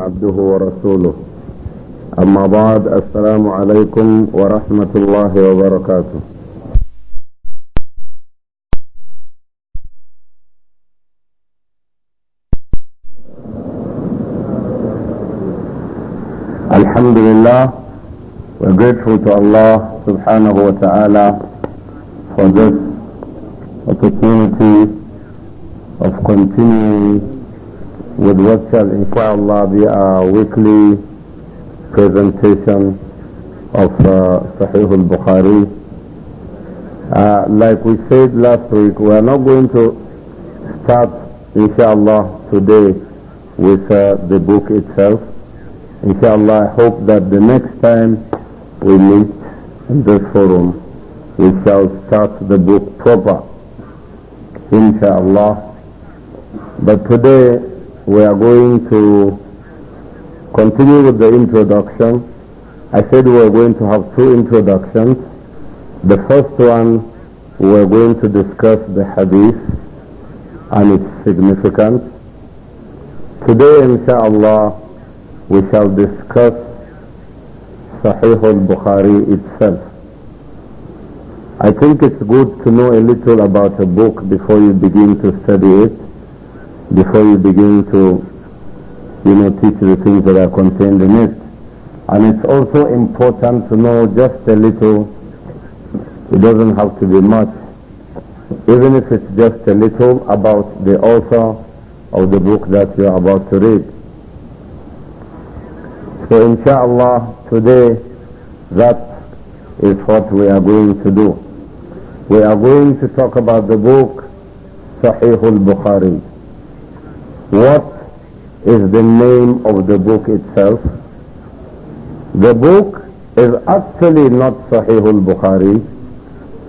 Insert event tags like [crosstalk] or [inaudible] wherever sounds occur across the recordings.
عبده ورسوله أما بعد السلام عليكم ورحمة الله وبركاته الحمد لله we're grateful to Allah subhanahu wa ta'ala for this opportunity of continuing with what shall insha'Allah be a weekly presentation of uh, Sahih al-Bukhari. Uh, like we said last week, we are not going to start insha'Allah today with uh, the book itself. Insha'Allah, I hope that the next time we meet in this forum, we shall start the book proper. Insha'Allah. But today we are going to continue with the introduction. I said we are going to have two introductions. The first one, we are going to discuss the hadith and its significance. Today, inshallah, we shall discuss Sahih al-Bukhari itself. I think it's good to know a little about a book before you begin to study it before you begin to, you know, teach the things that are contained in it. And it's also important to know just a little. It doesn't have to be much. Even if it's just a little about the author of the book that you are about to read. So insha'Allah today that is what we are going to do. We are going to talk about the book Sahih al-Bukhari. What is the name of the book itself? The book is actually not Sahih al-Bukhari.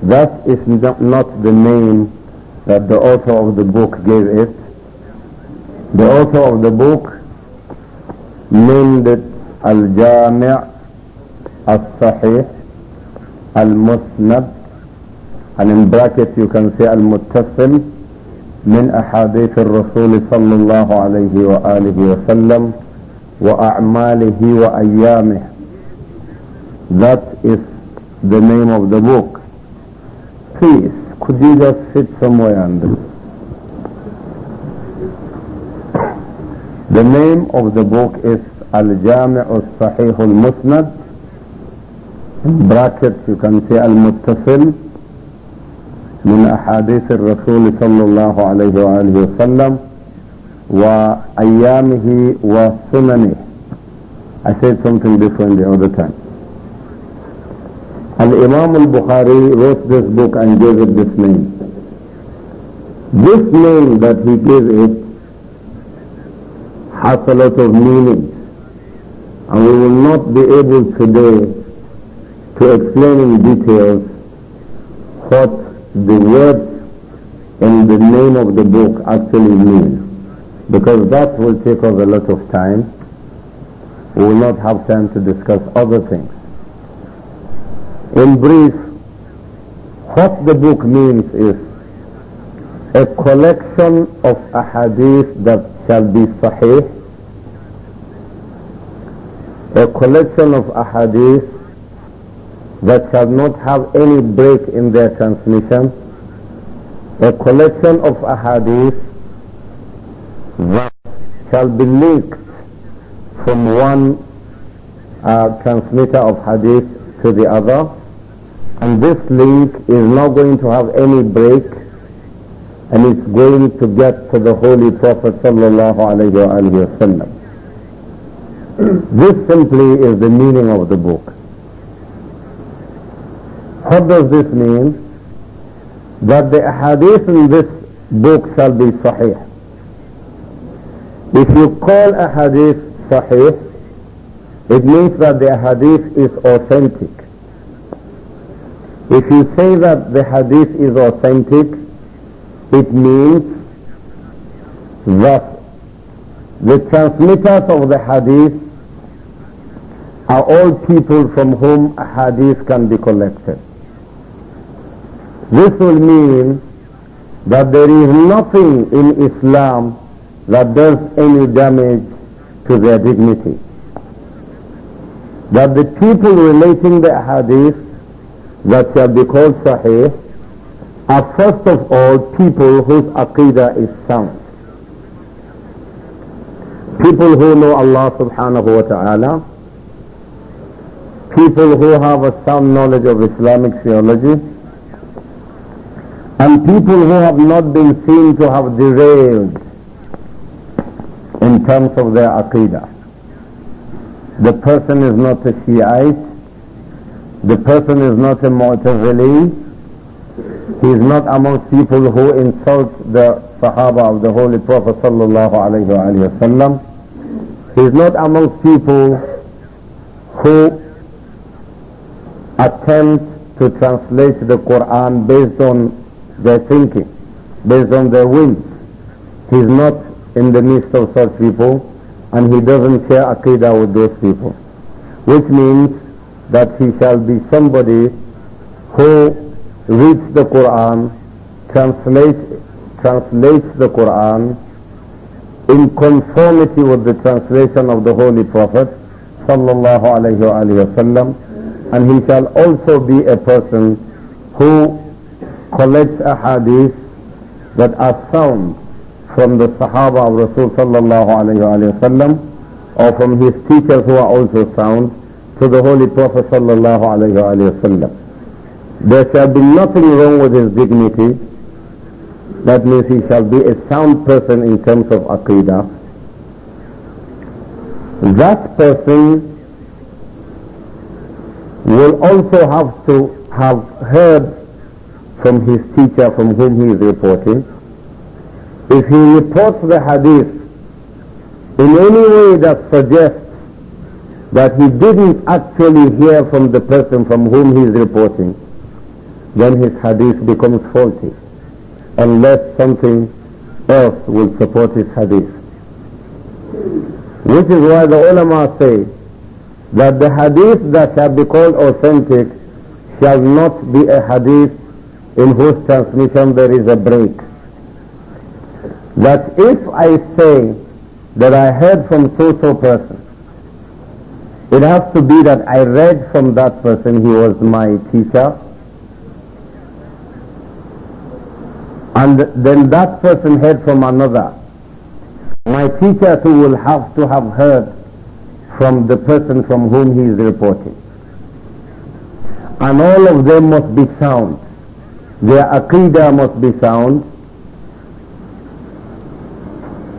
That is not, the name that the author of the book gave it. The author of the book named it Al-Jami' Al-Sahih Al-Musnad and in brackets you can say Al-Muttasil من أحاديث الرسول صلى الله عليه وآله وسلم وأعماله وأيامه that is the name of the book please could you just sit somewhere and the name of the book is الجامع الصحيح المسند in brackets you can say المتصل من أحاديث الرسول صلى الله عليه وآله وسلم وأيامه وسننه I said something different the other time. And imam al-Bukhari wrote this book and gave it this name. This name that he gave it has a lot of meaning and we will not be able today to explain in details what the words and the name of the book actually mean because that will take us a lot of time. We will not have time to discuss other things. In brief, what the book means is a collection of ahadith that shall be sahih, a collection of ahadith that shall not have any break in their transmission, a collection of ahadith that shall be linked from one uh, transmitter of hadith to the other, and this link is not going to have any break, and it's going to get to the Holy Prophet sallallahu alayhi wasallam. [clears throat] This simply is the meaning of the book. What does this mean? That the ahadith in this book shall be sahih. If you call a hadith sahih, it means that the hadith is authentic. If you say that the hadith is authentic, it means that the transmitters of the hadith are all people from whom a hadith can be collected. This will mean that there is nothing in Islam that does any damage to their dignity. That the people relating the hadith that shall be called sahih are first of all people whose aqidah is sound. People who know Allah subhanahu wa ta'ala, people who have a sound knowledge of Islamic theology, and people who have not been seen to have derailed in terms of their aqidah. The person is not a Shiite, the person is not a Mu'tazili, he is not amongst people who insult the Sahaba of the Holy Prophet sallallahu alayhi alaihi wasallam. He is not amongst people who attempt to translate the Quran based on their thinking, based on their whims. He's not in the midst of such people and he doesn't share Aqidah with those people. Which means that he shall be somebody who reads the Quran, translates, translates the Quran in conformity with the translation of the Holy Prophet sallallahu alayhi wa and he shall also be a person who collects ahadith that are sound from the Sahaba of Rasul sallallahu alayhi wa sallam or from his teachers who are also sound to the Holy Prophet sallallahu alayhi wa sallam. There shall be nothing wrong with his dignity. That means he shall be a sound person in terms of aqidah. That person will also have to have heard from his teacher from whom he is reporting, if he reports the hadith in any way that suggests that he didn't actually hear from the person from whom he is reporting, then his hadith becomes faulty unless something else will support his hadith. Which is why the ulama say that the hadith that shall be called authentic shall not be a hadith in whose transmission there is a break. That if I say that I heard from so-so person, it has to be that I read from that person, he was my teacher, and then that person heard from another. My teacher too will have to have heard from the person from whom he is reporting. And all of them must be sound. Their aqidah must be sound.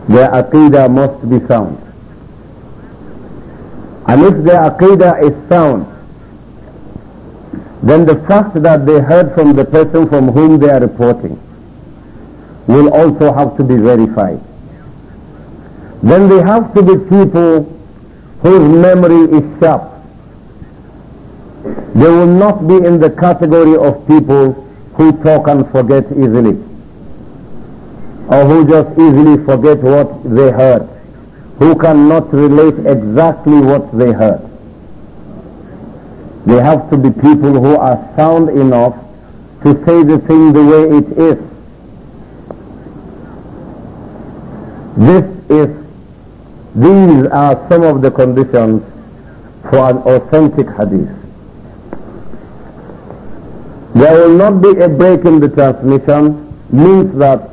Their aqidah must be sound. And if their aqidah is sound, then the fact that they heard from the person from whom they are reporting will also have to be verified. Then they have to be people whose memory is sharp. They will not be in the category of people who talk and forget easily or who just easily forget what they heard, who cannot relate exactly what they heard. They have to be people who are sound enough to say the thing the way it is. This is, these are some of the conditions for an authentic hadith there will not be a break in the transmission means that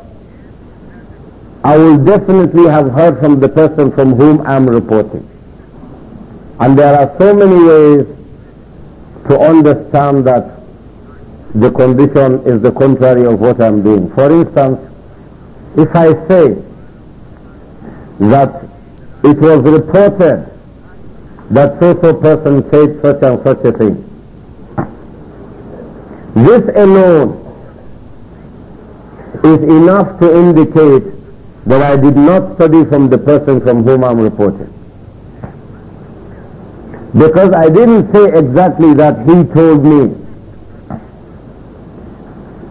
I will definitely have heard from the person from whom I am reporting. And there are so many ways to understand that the condition is the contrary of what I'm doing. For instance, if I say that it was reported that so-so person said such and such a thing, this alone is enough to indicate that I did not study from the person from whom I'm reporting. Because I didn't say exactly that he told me.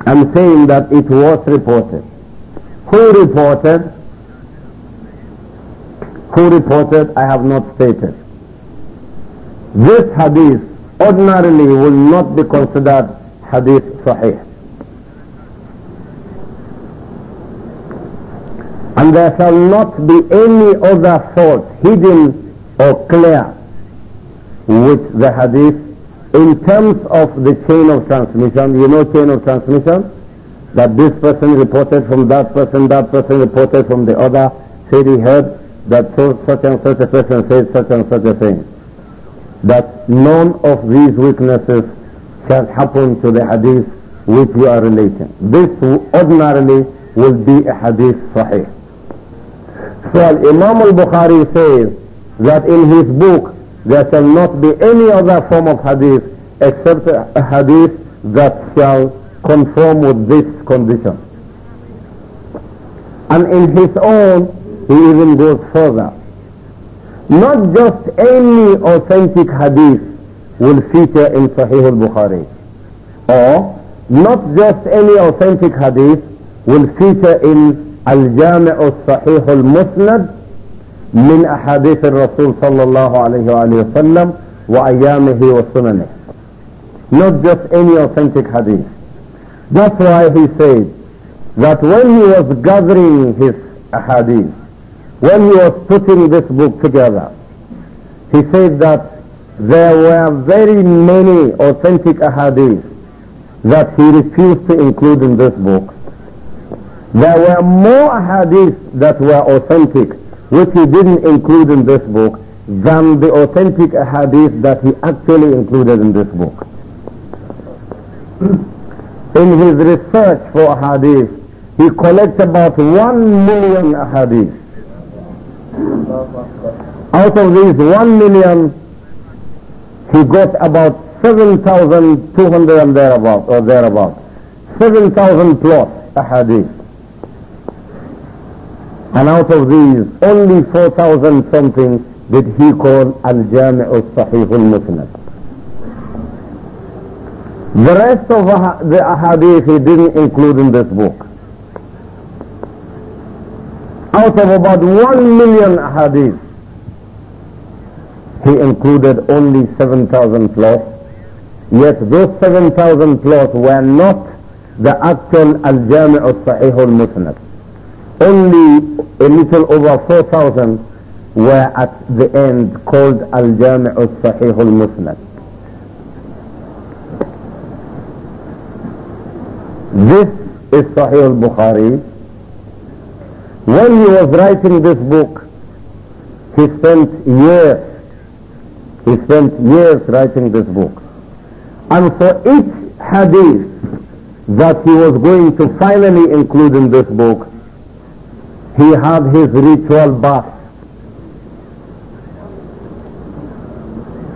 I'm saying that it was reported. Who reported? Who reported? I have not stated. This hadith ordinarily will not be considered حديث صحيح and there shall not be any other thought hidden or clear with the hadith in terms of the chain of transmission you know chain of transmission that this person reported from that person that person reported from the other said he heard that so, such and such a person said such and such a thing that none of these witnesses can happen to the hadith which we are relating. This ordinarily will be a hadith sahih. So Imam al-Bukhari says that in his book there shall not be any other form of hadith except a hadith that shall conform with this condition. And in his own, he even goes further. Not just any authentic hadith will feature in Sahih al-Bukhari. Or, not just any authentic hadith will feature in Al-Jami' al-Sahih al-Musnad من أحاديث الرسول صلى الله عليه وآله وسلم wa وسننه. Not just any authentic hadith. That's why he said that when he was gathering his ahadith, when he was putting this book together, he said that there were very many authentic ahadith that he refused to include in this book. There were more ahadith that were authentic which he didn't include in this book than the authentic ahadith that he actually included in this book. In his research for ahadith, he collects about one million ahadith. Out of these one million, he got about 7,200 and thereabout, or thereabout. 7,000 plus ahadith. And out of these, only 4,000 something did he call Al-Jami' al-Sahih al-Musnad. The rest of the ahadith he didn't include in this book. Out of about 1 million ahadith, he included only 7,000 plots. Yet those 7,000 plots were not the actual Al-Jami' al-Sahih al-Musnad. Only a little over 4,000 were at the end called Al-Jami' al-Sahih al-Musnad. This is Sahih al-Bukhari. When he was writing this book, he spent years he spent years writing this book. And for each hadith that he was going to finally include in this book, he had his ritual bath.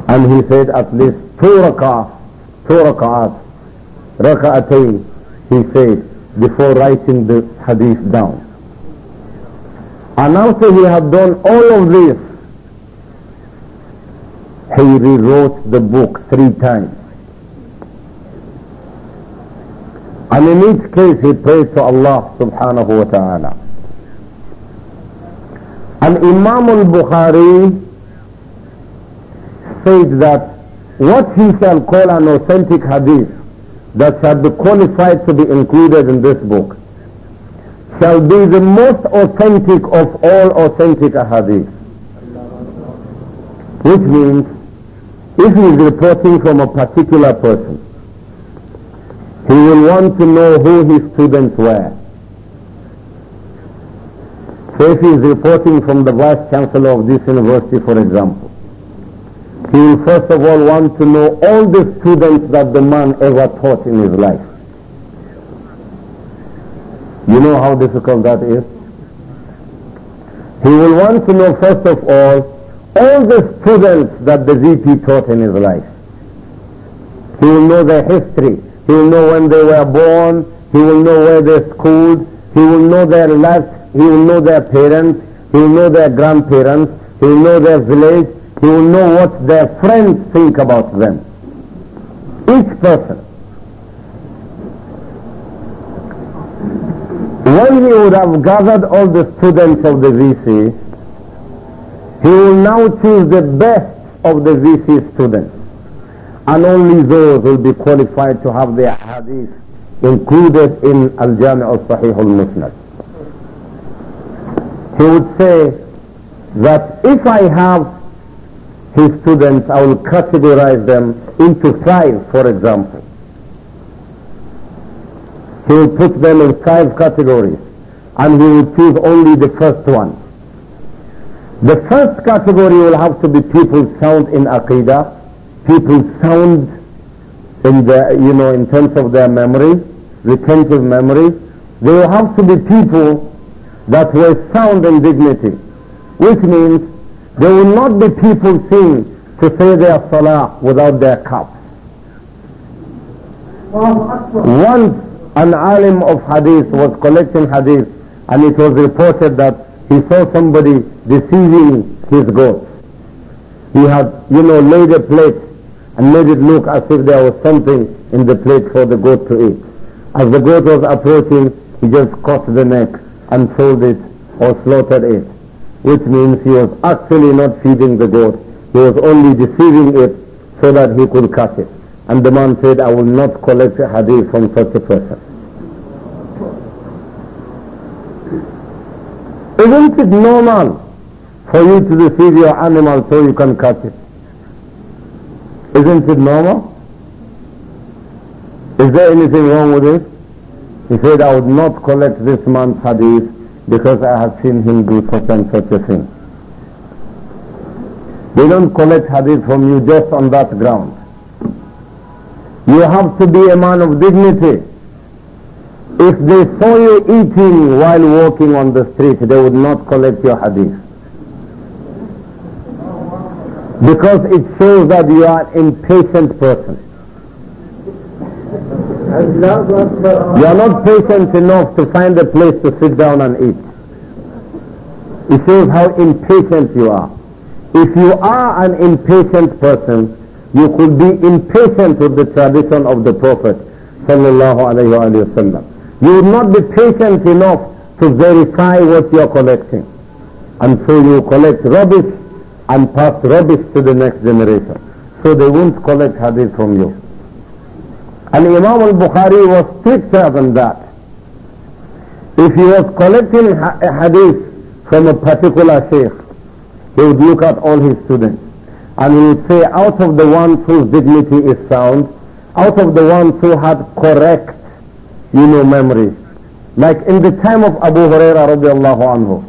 And he said at least two rak'ahs, two rak'ahs, rak'atayn, he said, before writing the hadith down. And after he had done all of this, he rewrote the book three times. And in each case he prayed to Allah subhanahu wa ta'ala. And Imam al-Bukhari said that what he shall call an authentic hadith that shall be qualified to be included in this book shall be the most authentic of all authentic hadiths. Which means if he is reporting from a particular person, he will want to know who his students were. So if he is reporting from the vice chancellor of this university, for example, he will first of all want to know all the students that the man ever taught in his life. You know how difficult that is? He will want to know first of all all the students that the VP taught in his life. He will know their history. He will know when they were born. He will know where they schooled. He will know their life. He will know their parents. He will know their grandparents. He will know their village. He will know what their friends think about them. Each person. When he would have gathered all the students of the VC, he will now choose the best of the VC students. And only those will be qualified to have their hadith included in Al-Jami' al-Sahih al-Musnad. He would say that if I have his students, I will categorize them into five, for example. He will put them in five categories and he will choose only the first one. The first category will have to be people sound in Aqidah, people sound in the, you know, in terms of their memory, retentive memory. They will have to be people that were sound in dignity, which means there will not be people seen to say their salah without their cups. Once an alim of hadith was collecting hadith and it was reported that he saw somebody deceiving his goats. He had, you know, laid a plate and made it look as if there was something in the plate for the goat to eat. As the goat was approaching, he just cut the neck and sold it or slaughtered it, which means he was actually not feeding the goat. He was only deceiving it so that he could catch it. And the man said, I will not collect a hadith from such a person. Isn't it normal for you to receive your animal so you can cut it? Isn't it normal? Is there anything wrong with it? He said, I would not collect this man's hadith because I have seen him do such and such a thing. They don't collect hadith from you just on that ground. You have to be a man of dignity. If they saw you eating while walking on the street, they would not collect your hadith. Because it shows that you are an impatient person. You are not patient enough to find a place to sit down and eat. It shows how impatient you are. If you are an impatient person, you could be impatient with the tradition of the Prophet sallallahu alayhi wa sallam. You will not be patient enough to verify what you are collecting. And so you collect rubbish and pass rubbish to the next generation. So they won't collect hadith from you. And Imam al-Bukhari was stricter than that. If he was collecting a hadith from a particular sheikh, he would look at all his students and he would say, out of the ones whose dignity is sound, out of the ones who had correct you know memories. Like in the time of Abu Huraira radiallahu anhu,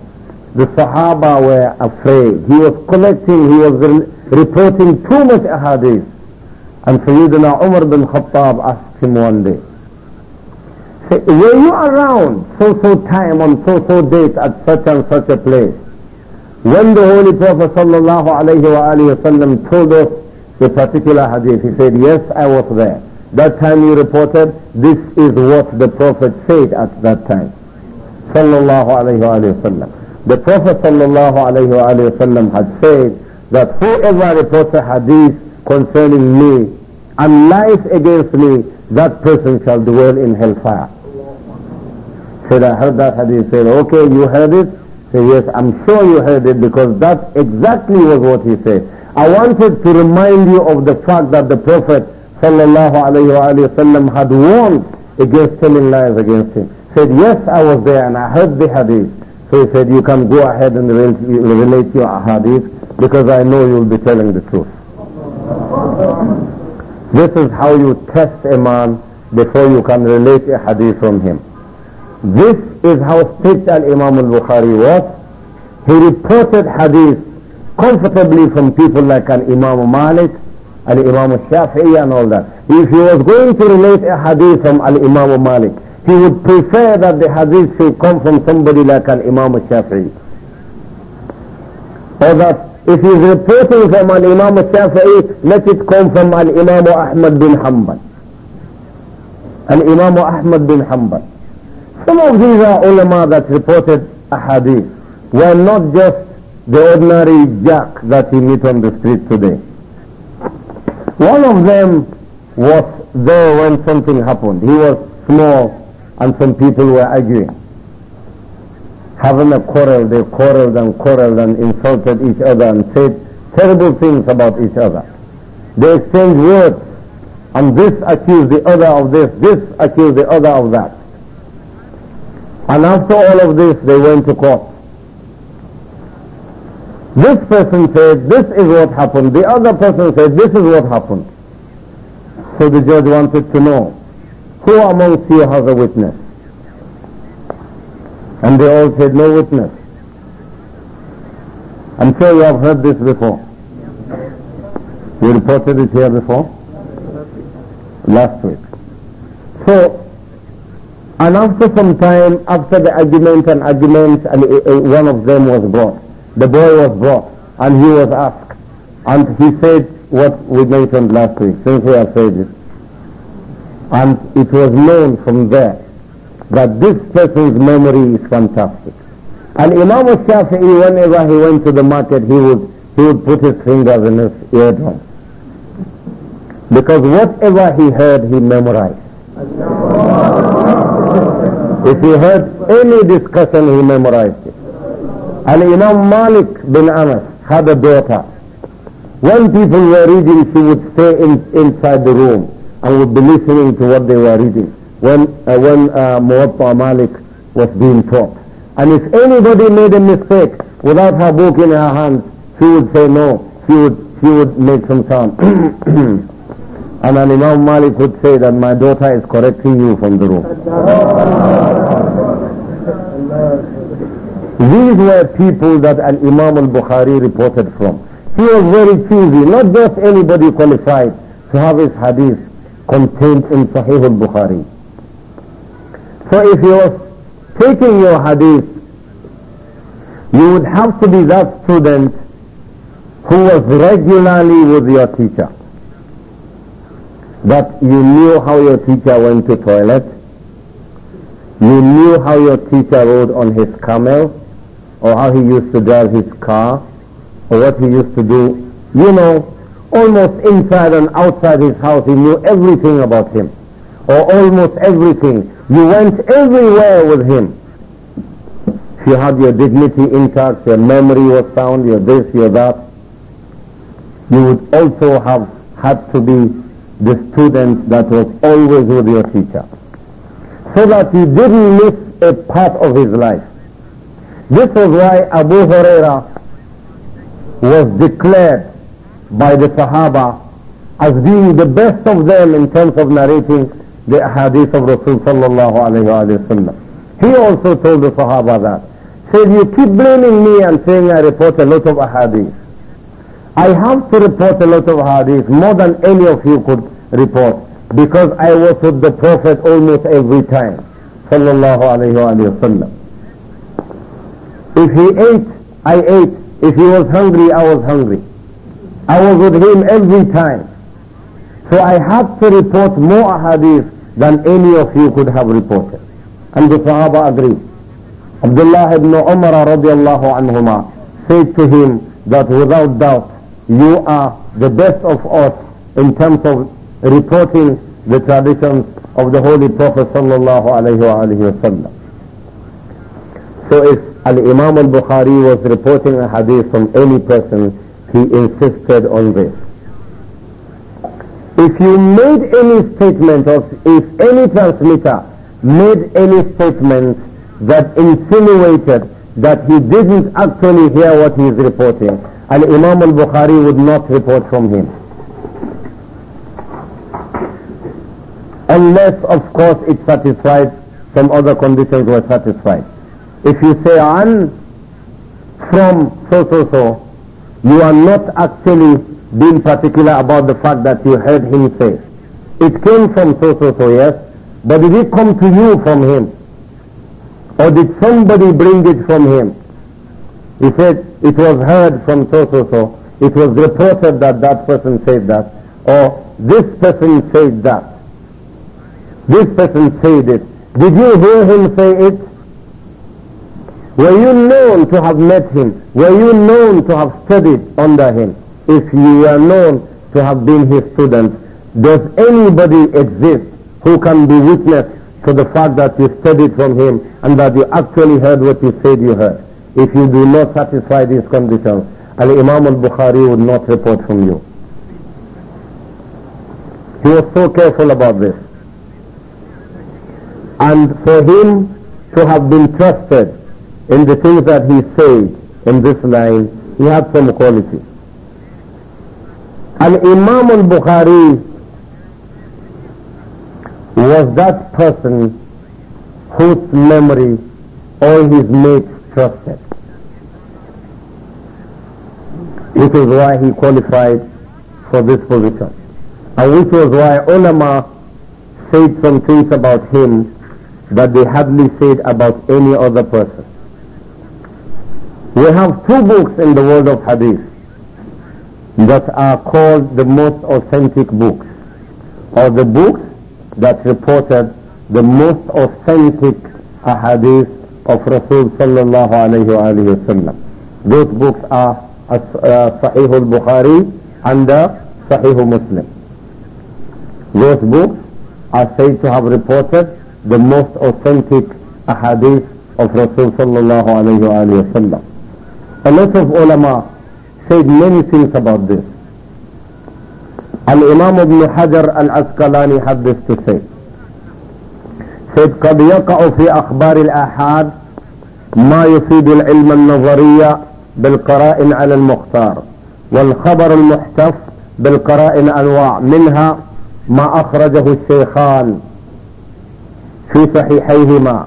the Sahaba were afraid. He was collecting, he was reporting too much ahadith. And Sayyidina Umar bin Khattab asked him one day, say, were you around so-so time on so-so date at such and such a place? When the Holy Prophet sallallahu alayhi wa told us the particular hadith, he said, yes, I was there. That time you reported, this is what the Prophet said at that time. Sallallahu alayhi wasallam. The Prophet sallallahu alayhi wasallam had said that whoever reports a hadith concerning me and lies against me, that person shall dwell in hellfire. Said, I heard that hadith. Said, okay, you heard it? Said, yes, I'm sure you heard it because that exactly was what he said. I wanted to remind you of the fact that the Prophet sallallahu alayhi wa sallam had warned against telling lies against him. Said, yes, I was there and I heard the hadith. So he said, you can go ahead and relate your hadith because I know you'll be telling the truth. This is how you test a man before you can relate a hadith from him. This is how strict Al-Imam Al-Bukhari was. He reported hadith comfortably from people like an Imam Malik, Al-Imam al-Shafi'i and all that. If he was going to relate a hadith from Al-Imam Malik, he would prefer that the hadith should come from somebody like Al-Imam al-Shafi'i. Or that if he is reporting from Al-Imam al-Shafi'i, let it come from Al-Imam Ahmad bin Hanbal. Al-Imam Ahmad bin Hanbal. Some of these are ulama that reported a hadith were not just the ordinary jack that you meet on the street today. One of them was there when something happened. He was small and some people were arguing. Having a quarrel, they quarreled and quarreled and insulted each other and said terrible things about each other. They exchanged words and this accused the other of this, this accused the other of that. And after all of this, they went to court. This person said, this is what happened. The other person said, this is what happened. So the judge wanted to know, who amongst you has a witness? And they all said, no witness. I'm sure you have heard this before. You reported it here before? Last week. So, and after some time, after the argument and arguments, and uh, uh, one of them was brought. The boy was brought and he was asked and he said what we mentioned last week, since we have said it. And it was known from there that this person's memory is fantastic. And Imam al-Shafi'i, whenever he went to the market, he would, he would put his fingers in his eardrum. Because whatever he heard, he memorized. if he heard any discussion, he memorized it. Al-Imam Malik bin Anas had a daughter. When people were reading, she would stay in, inside the room and would be listening to what they were reading when, uh, when uh, Muwatta Malik was being taught. And if anybody made a mistake without her book in her hand, she would say no. She would, she would make some sound. [coughs] and an Imam Malik would say that my daughter is correcting you from the room. These were people that Al-Imam al-Bukhari reported from. He was very choosy, not just anybody qualified to have his hadith contained in Sahih al-Bukhari. So if you are taking your hadith, you would have to be that student who was regularly with your teacher. That you knew how your teacher went to toilet, you knew how your teacher rode on his camel, or how he used to drive his car, or what he used to do. You know, almost inside and outside his house, he knew everything about him, or almost everything. You went everywhere with him. You had your dignity intact, your memory was sound, your this, your that. You would also have had to be the student that was always with your teacher. So that you didn't miss a part of his life. This was why Abu Huraira was declared by the Sahaba as being the best of them in terms of narrating the hadith of Rasul sallallahu alayhi wa He also told the Sahaba that. Said, you keep blaming me and saying I report a lot of Hadiths. I have to report a lot of Hadiths more than any of you could report, because I was with the Prophet almost every time. Sallallahu alayhi wa if he ate, I ate. If he was hungry, I was hungry. I was with him every time. So I had to report more hadith than any of you could have reported. And the Sahaba agreed. Abdullah ibn Umar radiallahu anhuma said to him that without doubt you are the best of us in terms of reporting the traditions of the Holy Prophet sallallahu alayhi wa So if Al-Imam al-Bukhari was reporting a hadith from any person, he insisted on this. If you made any statement or if any transmitter made any statement that insinuated that he didn't actually hear what he is reporting, Al-Imam al-Bukhari would not report from him. Unless, of course, it satisfied, some other conditions were satisfied. If you say I'm from so so so, you are not actually being particular about the fact that you heard him say. It came from so so so, yes, but did it come to you from him? Or did somebody bring it from him? He said, it was heard from so so so. It was reported that that person said that. Or this person said that. This person said it. Did you hear him say it? Were you known to have met him? Were you known to have studied under him? If you were known to have been his student, does anybody exist who can be witness to the fact that you studied from him and that you actually heard what you said you heard? If you do not satisfy these conditions, Al-Imam al-Bukhari would not report from you. He was so careful about this. And for him to have been trusted in the things that he said in this line, he had some qualities. And Imam al-Bukhari was that person whose memory all his mates trusted. Which is why he qualified for this position. And which was why ulama said some things about him that they hardly said about any other person. We have two books in the world of hadith that are called the most authentic books or the books that reported the most authentic hadith of Rasul sallallahu alayhi wa Those books are uh, Sahih al-Bukhari and Sahih Muslim. Those books are said to have reported the most authentic hadith of Rasul sallallahu alayhi wa A lot of ulama said many things about this. Al-Imam ibn Hajar al-Asqalani had this to say. Said, قد يقع في أخبار الآحاد ما يفيد العلم النظري بالقرائن على المختار والخبر المحتف بالقرائن أنواع منها ما أخرجه الشيخان في صحيحيهما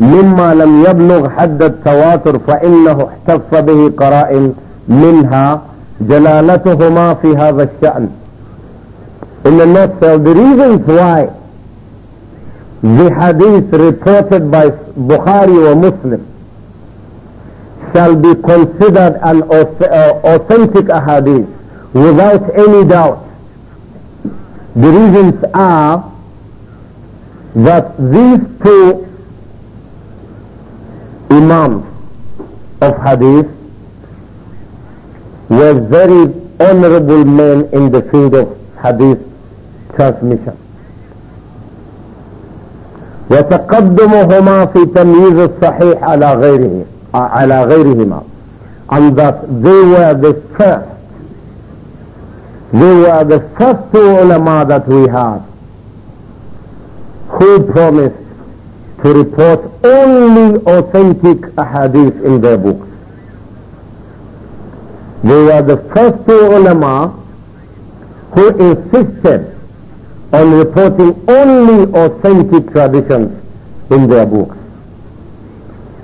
مما لم يبلغ حد التواتر فإنه احتف به قرائن منها جلالتهما في هذا الشأن in a nutshell the reasons why the hadith reported by Bukhari or Muslim shall be considered an authentic hadith without any doubt the reasons are that these two imams of hadith were very honorable men in the field of hadith transmission وتقدمهما في تمييز الصحيح على غيره على غيرهما and that they were the first they were the first two ulama that we had who promised to report only authentic ahadith in their books. They were the first two ulama who insisted on reporting only authentic traditions in their books.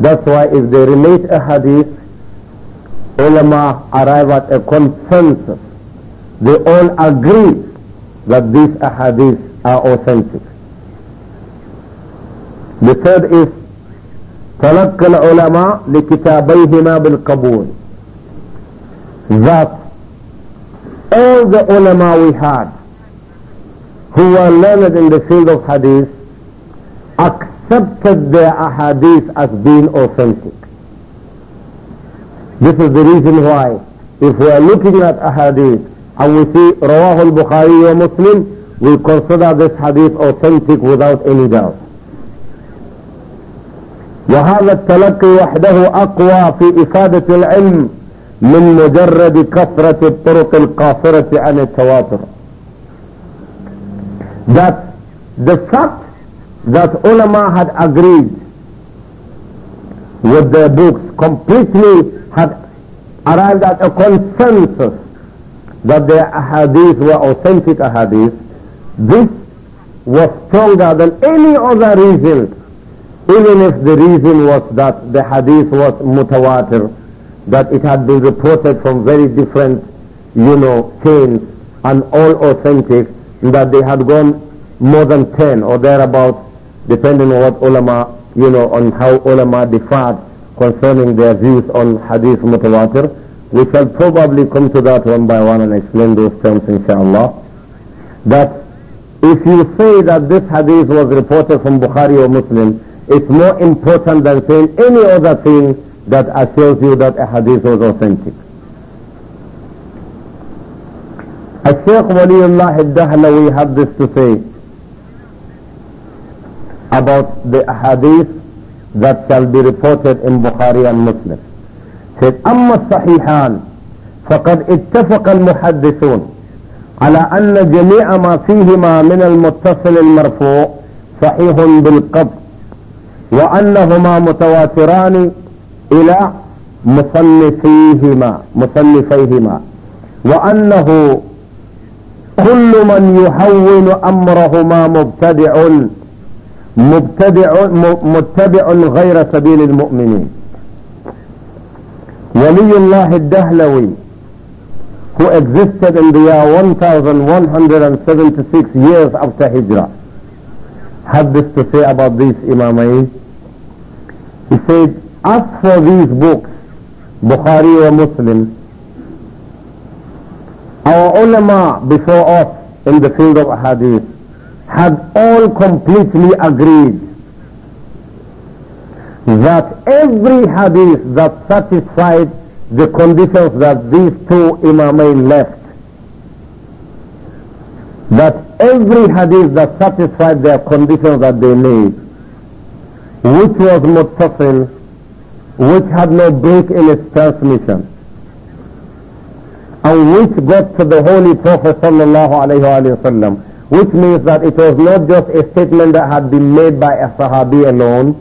That's why if they relate a hadith, ulama arrive at a consensus. They all agree that these ahadith are authentic. The third is تلقى العلماء لكتابيهما بالقبول that all the ulama we had who were learned in the field of hadith accepted their ahadith as being authentic. This is the reason why if we are looking at ahadith and we see Rawah al-Bukhari or Muslim, we consider this hadith authentic without any doubt. وهذا التلقي وحده اقوى في افادة العلم من مجرد كثرة الطرق القاصرة عن التواتر that the fact that ulama had agreed with their books completely had arrived at a consensus that their ahadith were authentic ahadith this was stronger than any other reason even if the reason was that the hadith was mutawatir, that it had been reported from very different, you know, chains and all authentic, that they had gone more than 10 or thereabouts, depending on what ulama, you know, on how ulama differed concerning their views on hadith mutawatir. We shall probably come to that one by one and explain those terms inshallah. That if you say that this hadith was reported from Bukhari or Muslim, It's more important than saying any other thing that assures you that a hadith was authentic. الشيخ ولي الله الدهلوي had this to say about the hadith that shall be reported in Bukhari and Muslim. said أما الصحيحان فقد اتفق المحدثون على أن جميع ما فيهما من المتصل المرفوع صحيح بالقبض وأنهما متواتران إلى مصنفيهما مصنفيهما وأنه كل من يهون أمرهما مبتدع مبتدع متبع غير سبيل المؤمنين ولي الله الدهلوي who existed in the year 1176 years after Hijrah had this to say about these Imamain. He said, as for these books, Bukhari or Muslim, our ulama before us in the field of hadith had all completely agreed that every hadith that satisfied the conditions that these two imamain left, that every hadith that satisfied their conditions that they made, which was muttasil, which had no break in its transmission, and which got to the Holy Prophet sallallahu alaihi wasallam, which means that it was not just a statement that had been made by a Sahabi alone,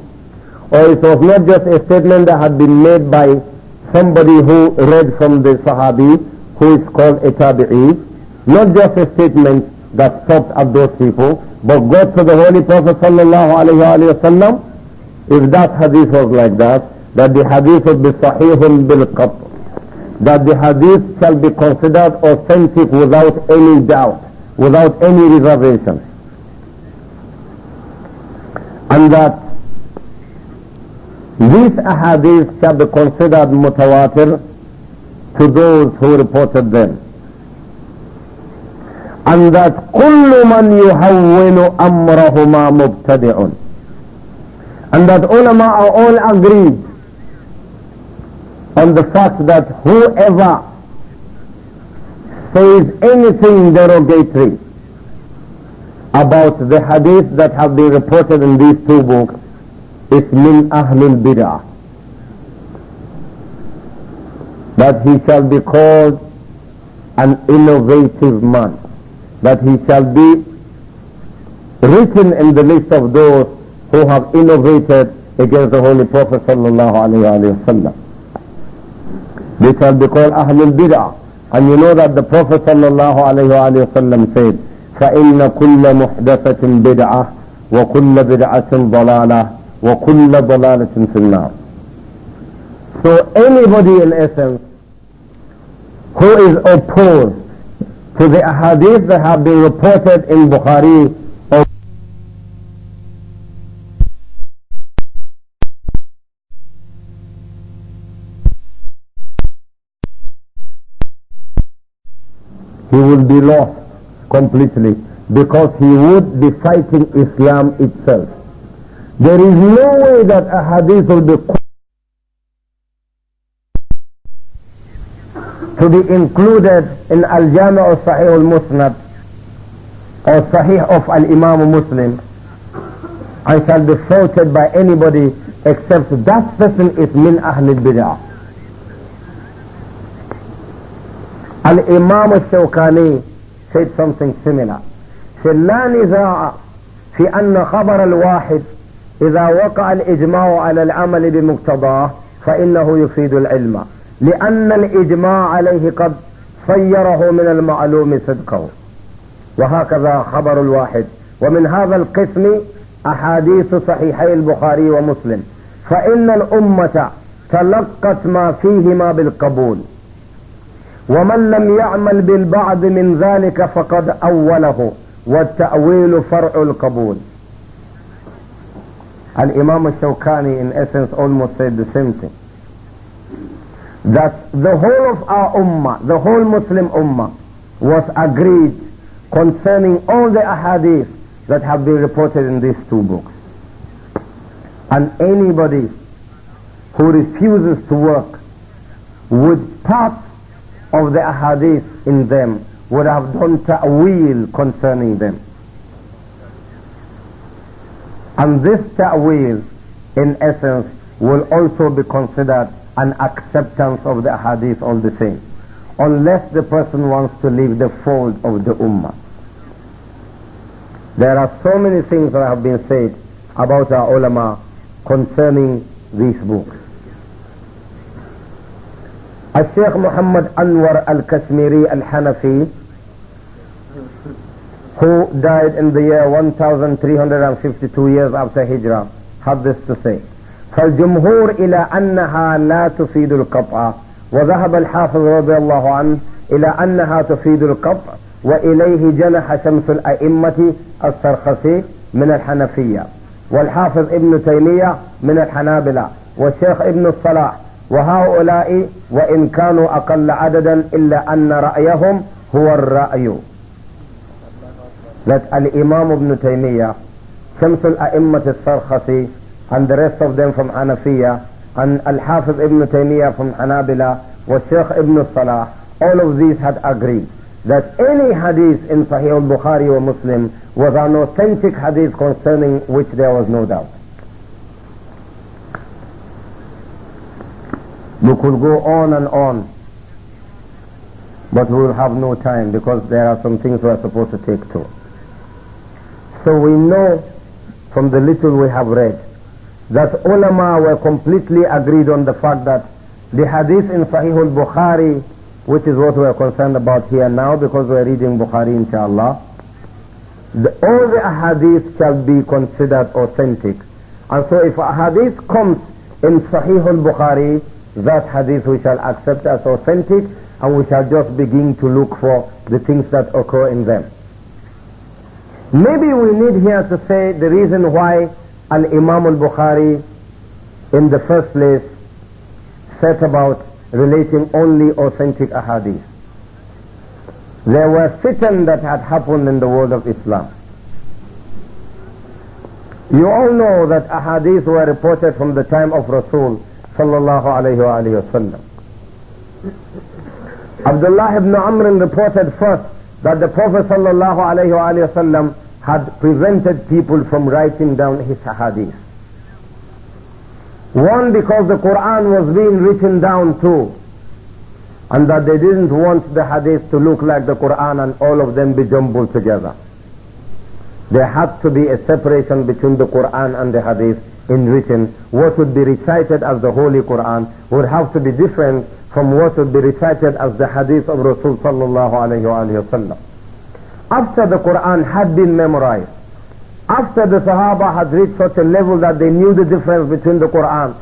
or it was not just a statement that had been made by somebody who read from the Sahabi, who is called a Tabi'i, not just a statement, that stopped at those people. But go to the Holy Prophet sallallahu alayhi wasallam. If that hadith was like that, that the hadith would be sahihun bil qat, that the hadith shall be considered authentic without any doubt, without any reservation. And that these ahadith shall be considered mutawatir to those who reported them and that كل من يهون أمرهما مبتدع and that ulama are all agreed on the fact that whoever says anything derogatory about the hadith that have been reported in these two books is min ahlul bid'ah that he shall be called an innovative man that he shall be written in the list of those who have innovated against the Holy Prophet sallallahu alayhi wasallam. They shall be called Ahlul Bid'ah. And you know that the Prophet sallallahu alayhi wasallam said, فَإِنَّ كُلَّ مُحْدَثَةٍ بِدْعَةٍ وَكُلَّ بِدْعَةٍ ضَلَالَةٍ وَكُلَّ ضَلَالَةٍ فِي النَّارِ So anybody in essence who is opposed to the ahadith that have been reported in Bukhari he will be lost completely because he would be fighting Islam itself. There is no way that a hadith will be to be included in Al-Jami' al-Sahih al-Musnad or Sahih of Al-Imam Muslim. I shall be faulted by anybody except that person is min Ahl al-Bid'ah. الإمام الشوكاني said something similar said لا نزاع في أن خبر الواحد إذا وقع الإجماع على العمل بمقتضاه فإنه يفيد العلم لأن الإجماع عليه قد صيره من المعلوم صدقه وهكذا خبر الواحد ومن هذا القسم أحاديث صحيحي البخاري ومسلم فإن الأمة تلقت ما فيهما بالقبول ومن لم يعمل بالبعض من ذلك فقد أوله والتأويل فرع القبول الإمام الشوكاني in essence almost said the same thing that the whole of our ummah, the whole Muslim ummah, was agreed concerning all the ahadith that have been reported in these two books. And anybody who refuses to work with part of the ahadith in them would have done ta'wil concerning them. And this ta'wil, in essence, will also be considered an acceptance of the hadith all the same, unless the person wants to leave the fold of the ummah. There are so many things that have been said about our ulama concerning these books. الشيخ محمد أنور الكشميري الحنفي who died in the year 1352 years after Hijrah had this to say فالجمهور إلى أنها لا تفيد القطع وذهب الحافظ رضي الله عنه إلى أنها تفيد القطع وإليه جنح شمس الأئمة السرخسي من الحنفية والحافظ ابن تيمية من الحنابلة والشيخ ابن الصلاح وهؤلاء وإن كانوا أقل عددا إلا أن رأيهم هو الرأي الإمام ابن تيمية شمس الأئمة السرخسي and the rest of them from Anafiya, and Al-Hafiz ibn Taymiyyah from Hanabila was Sheikh ibn Salah all of these had agreed that any hadith in Sahih al-Bukhari or Muslim was an authentic hadith concerning which there was no doubt. We could go on and on but we will have no time because there are some things we are supposed to take to. So we know from the little we have read that ulama were completely agreed on the fact that the hadith in Sahih al-Bukhari, which is what we are concerned about here now because we are reading Bukhari inshallah, the, all the hadith shall be considered authentic. And so if a hadith comes in Sahih al-Bukhari, that hadith we shall accept as authentic and we shall just begin to look for the things that occur in them. Maybe we need here to say the reason why Al-Imam al-Bukhari in the first place set about relating only authentic ahadith. There were fitan that had happened in the world of Islam. You all know that ahadith were reported from the time of Rasul sallallahu alayhi wa alayhi wasallam. Abdullah ibn Amr reported first that the Prophet sallallahu alayhi wa alayhi wasallam had prevented people from writing down his hadith. One, because the Quran was being written down too, and that they didn't want the hadith to look like the Quran and all of them be jumbled together. There had to be a separation between the Quran and the hadith in written. What would be recited as the Holy Quran would have to be different from what would be recited as the hadith of Rasul sallallahu alayhi wa after the Quran had been memorized, after the Sahaba had reached such a level that they knew the difference between the Quran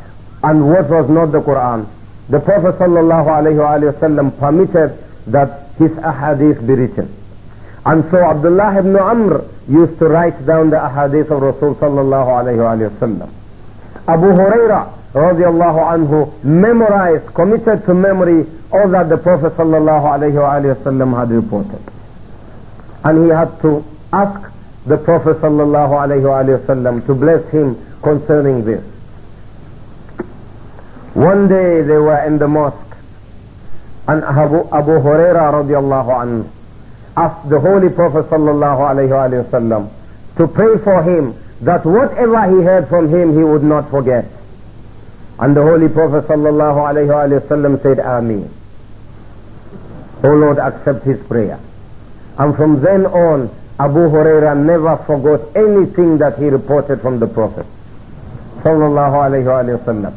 and what was not the Quran, the Prophet ﷺ permitted that his ahadith be written. And so Abdullah ibn Amr used to write down the ahadith of Rasul sallallahu Abu Huraira radiallahu anhu memorized, committed to memory all that the Prophet sallallahu had reported and he had to ask the Prophet ﷺ to bless him concerning this. One day they were in the mosque and Abu, Abu Huraira radiallahu anhu asked the Holy Prophet ﷺ to pray for him that whatever he heard from him he would not forget. And the Holy Prophet ﷺ said, Ameen. O Lord, accept his prayer. And from then on, Abu Huraira never forgot anything that he reported from the Prophet. Sallallahu alayhi wa sallam.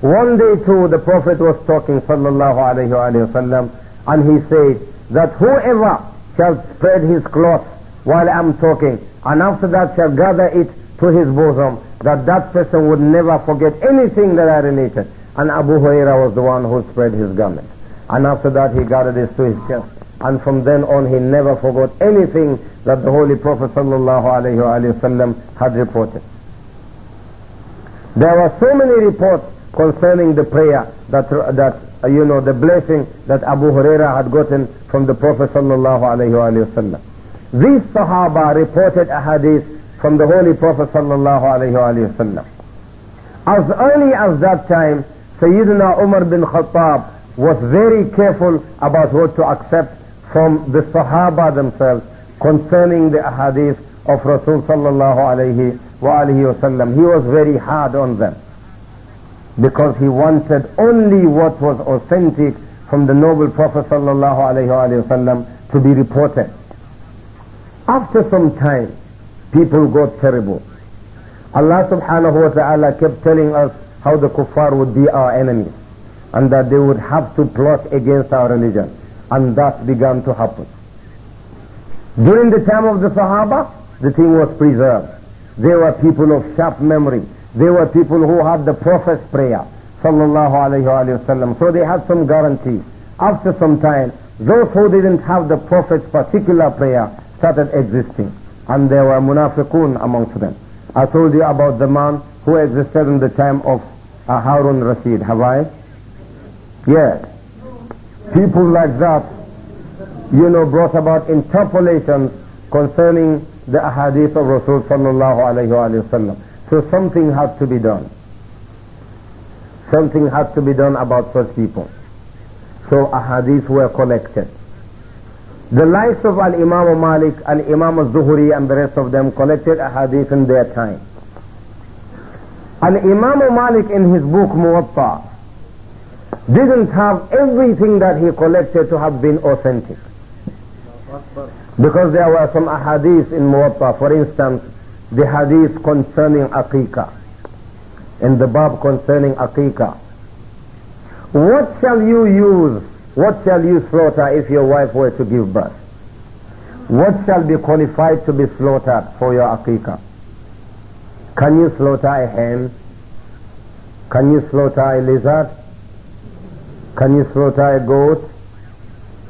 One day too, the Prophet was talking, sallallahu alayhi wa sallam, and he said that whoever shall spread his cloth while I'm talking, and after that shall gather it to his bosom, that that person would never forget anything that I related. And Abu Huraira was the one who spread his garment. And after that he gathered it to his chest. And from then on he never forgot anything that the Holy Prophet had reported. There were so many reports concerning the prayer that, that you know, the blessing that Abu Huraira had gotten from the Prophet wasallam. These Sahaba reported a hadith from the Holy Prophet ﷺ. As early as that time, Sayyidina Umar bin Khattab was very careful about what to accept from the Sahaba themselves concerning the ahadith of Rasul sallallahu alayhi wasallam. He was very hard on them because he wanted only what was authentic from the noble Prophet sallallahu alayhi to be reported. After some time, people got terrible. Allah subhanahu wa ta'ala kept telling us how the kuffar would be our enemies and that they would have to plot against our religion. And that began to happen. During the time of the Sahaba, the thing was preserved. They were people of sharp memory. They were people who had the Prophet's prayer, sallallahu alayhi wa So they had some guarantee. After some time, those who didn't have the Prophet's particular prayer started existing. And there were munafiqun amongst them. I told you about the man who existed in the time of uh, Harun Rashid, have I? Yes. People like that, you know, brought about interpolations concerning the ahadith of Rasul sallallahu alayhi So something had to be done. Something had to be done about such people. So ahadith were collected. The likes of Al-Imam Malik, Al-Imam Zuhri and the rest of them collected ahadith in their time. Al-Imam Malik in his book Muwatta didn't have everything that he collected to have been authentic. Because there were some ahadith in Muwatta, for instance, the hadith concerning Aqiqah, in the Bab concerning Aqiqah. What shall you use? What shall you slaughter if your wife were to give birth? What shall be qualified to be slaughtered for your Aqiqah? Can you slaughter a hen? Can you slaughter a lizard? Can you slaughter a goat,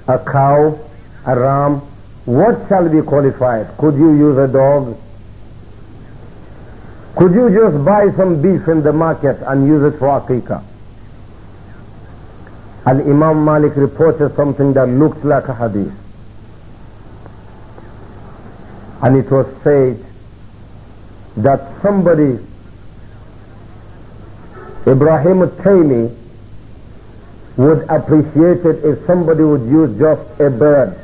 a cow, a ram? What shall be qualified? Could you use a dog? Could you just buy some beef in the market and use it for aqiqah? Al-Imam Malik reported something that looked like a hadith. And it was said that somebody, Ibrahim al-Taymi, would appreciate it if somebody would use just a bird,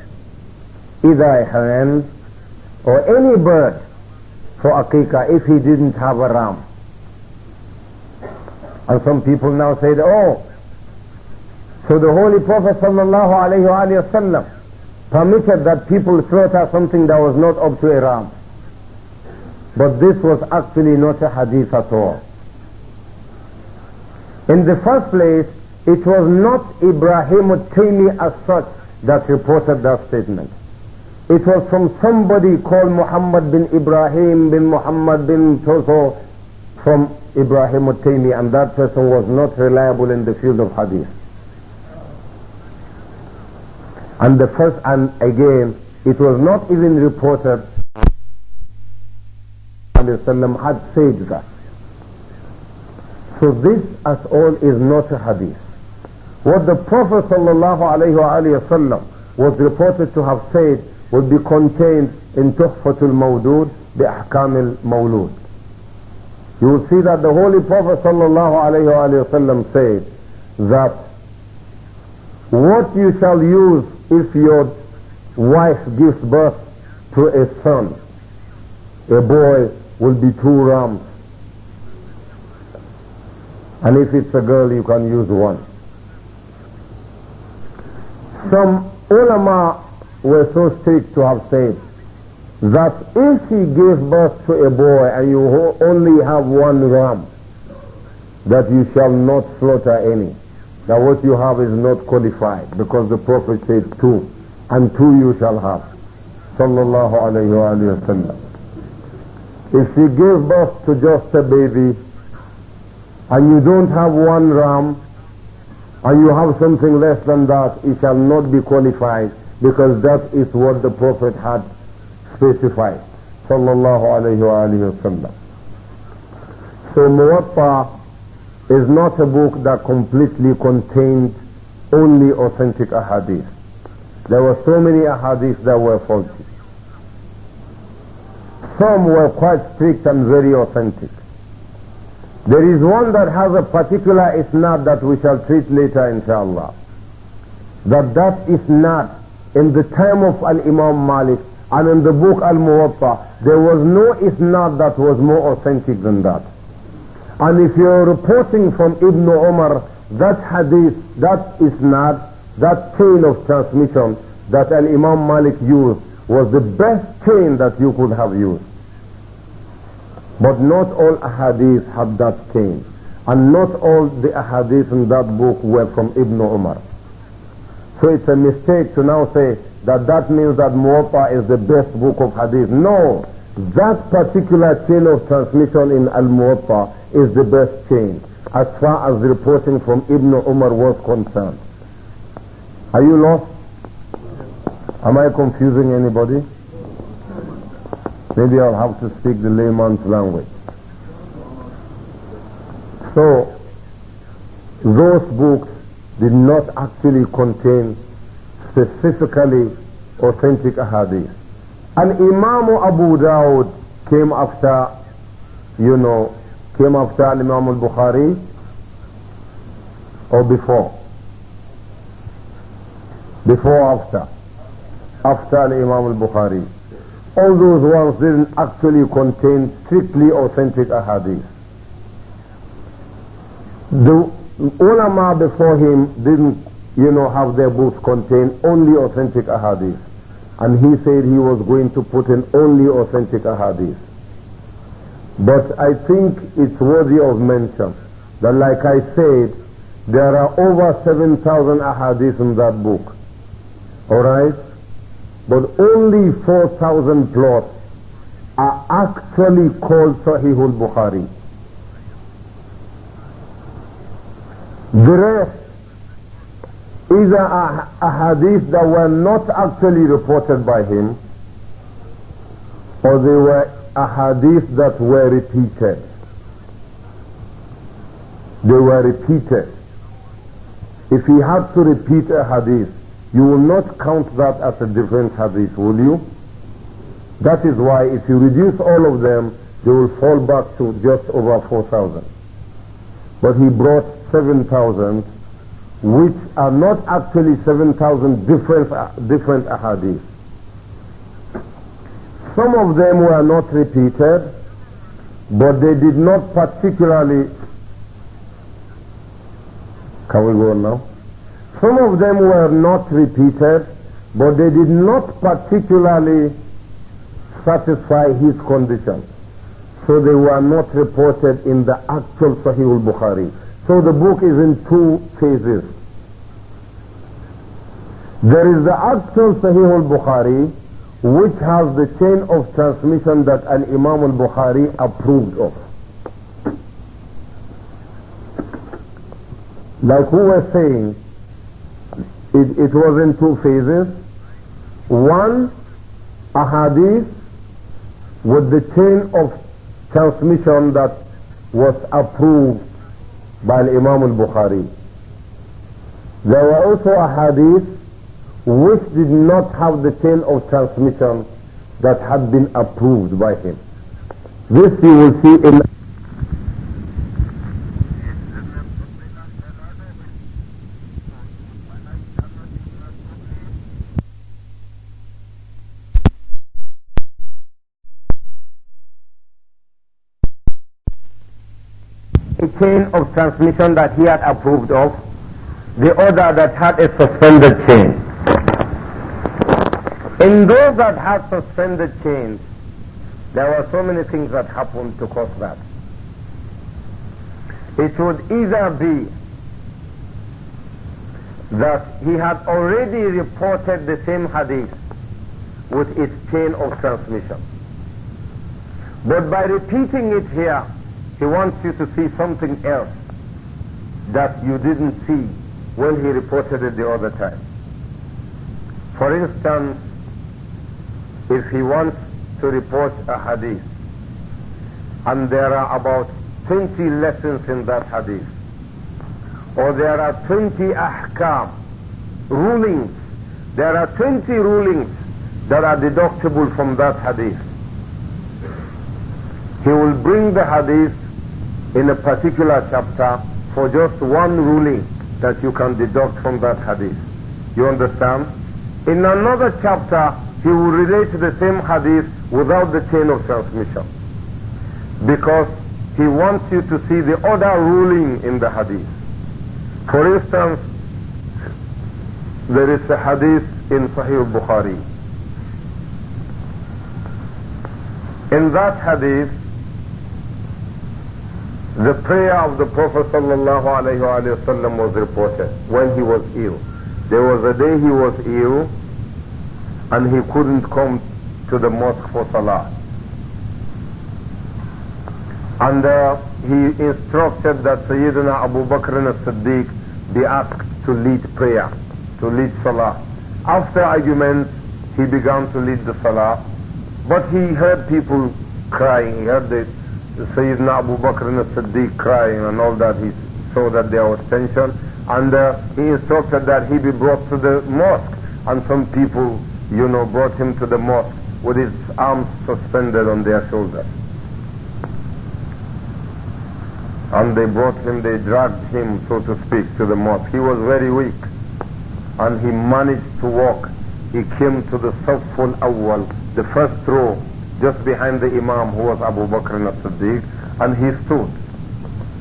either a hen or any bird for Akika if he didn't have a ram. And some people now say, oh, so the Holy Prophet وسلم permitted that people slaughter something that was not up to a ram. But this was actually not a hadith at all. In the first place, it was not Ibrahim Taymi as such that reported that statement. It was from somebody called Muhammad bin Ibrahim bin Muhammad bin Toso from Ibrahim Taymi and that person was not reliable in the field of hadith. And the first, and again, it was not even reported had said that. So this as all is not a hadith. What the Prophet ﷺ was reported to have said would be contained in Tuhfatul Mawdud bi Ahkam al-Mawlud. You will see that the Holy Prophet ﷺ said that what you shall use if your wife gives birth to a son, a boy will be two rams. And if it's a girl, you can use one. Some ulama were so strict to have said that if he gave birth to a boy and you only have one ram, that you shall not slaughter any. That what you have is not qualified because the Prophet said two, and two you shall have. Sallallahu alayhi wa sallam. If you give birth to just a baby and you don't have one ram, or you have something less than that, it shall not be qualified because that is what the Prophet had specified. Sallallahu alayhi wa alayhi wa So Muwatta is not a book that completely contained only authentic ahadith. There were so many ahadith that were faulty. Some were quite strict and very authentic. There is one that has a particular isnad that we shall treat later inshallah. That that isnad in the time of Al-Imam Malik and in the book Al-Muwatta there was no isnad that was more authentic than that. And if you're reporting from Ibn Umar that hadith, that isnad, that chain of transmission that Al-Imam Malik used was the best chain that you could have used. But not all ahadith had that chain. And not all the ahadith in that book were from Ibn Umar. So it's a mistake to now say that that means that Muwatta is the best book of hadith. No! That particular chain of transmission in Al-Muwatta is the best chain as far as reporting from Ibn Umar was concerned. Are you lost? Am I confusing anybody? Maybe I'll have to speak the layman's language. So, those books did not actually contain specifically authentic ahadith. And Imam Abu Dawud came after, you know, came after Imam al-Bukhari or before? Before after? After Imam al-Bukhari all those ones didn't actually contain strictly authentic ahadith. The ulama before him didn't, you know, have their books contain only authentic ahadith. And he said he was going to put in only authentic ahadith. But I think it's worthy of mention that like I said, there are over 7,000 ahadith in that book. Alright? But only 4,000 plots are actually called Sahih al-Bukhari. The rest is a, a hadith that were not actually reported by him, or they were a hadith that were repeated. They were repeated. If he had to repeat a hadith, you will not count that as a different hadith, will you? That is why if you reduce all of them, they will fall back to just over 4,000. But he brought 7,000, which are not actually 7,000 different, uh, different ahadith. Some of them were not repeated, but they did not particularly. Can we go on now? Some of them were not repeated, but they did not particularly satisfy his condition. So they were not reported in the actual Sahih al-Bukhari. So the book is in two phases. There is the actual Sahih al-Bukhari, which has the chain of transmission that an Imam al-Bukhari approved of. Like who was saying, it, it was in two phases. One, a hadith with the chain of transmission that was approved by Imam al-Bukhari. There were also a hadith which did not have the chain of transmission that had been approved by him. This you will see in chain of transmission that he had approved of, the other that had a suspended chain. In those that had suspended chains, there were so many things that happened to cause that. It would either be that he had already reported the same hadith with its chain of transmission. But by repeating it here, he wants you to see something else that you didn't see when he reported it the other time. For instance, if he wants to report a hadith, and there are about 20 lessons in that hadith, or there are 20 ahkam, rulings, there are 20 rulings that are deductible from that hadith. He will bring the hadith in a particular chapter for just one ruling that you can deduct from that hadith. You understand? In another chapter, he will relate the same hadith without the chain of transmission. Because he wants you to see the other ruling in the hadith. For instance, there is a hadith in Sahih Bukhari. In that hadith, the prayer of the Prophet ﷺ was reported when he was ill. There was a day he was ill and he couldn't come to the mosque for salah. And uh, he instructed that Sayyidina Abu Bakr as-Siddiq be asked to lead prayer, to lead salah. After arguments, he began to lead the salah, but he heard people crying, he heard the Sayyidina Abu Bakr and Siddiq crying and all that, he saw that there was tension. And uh, he instructed that he be brought to the mosque. And some people, you know, brought him to the mosque with his arms suspended on their shoulders. And they brought him, they dragged him, so to speak, to the mosque. He was very weak. And he managed to walk. He came to the Saful Awwal, the first row just behind the Imam who was Abu Bakr as-Siddiq and he stood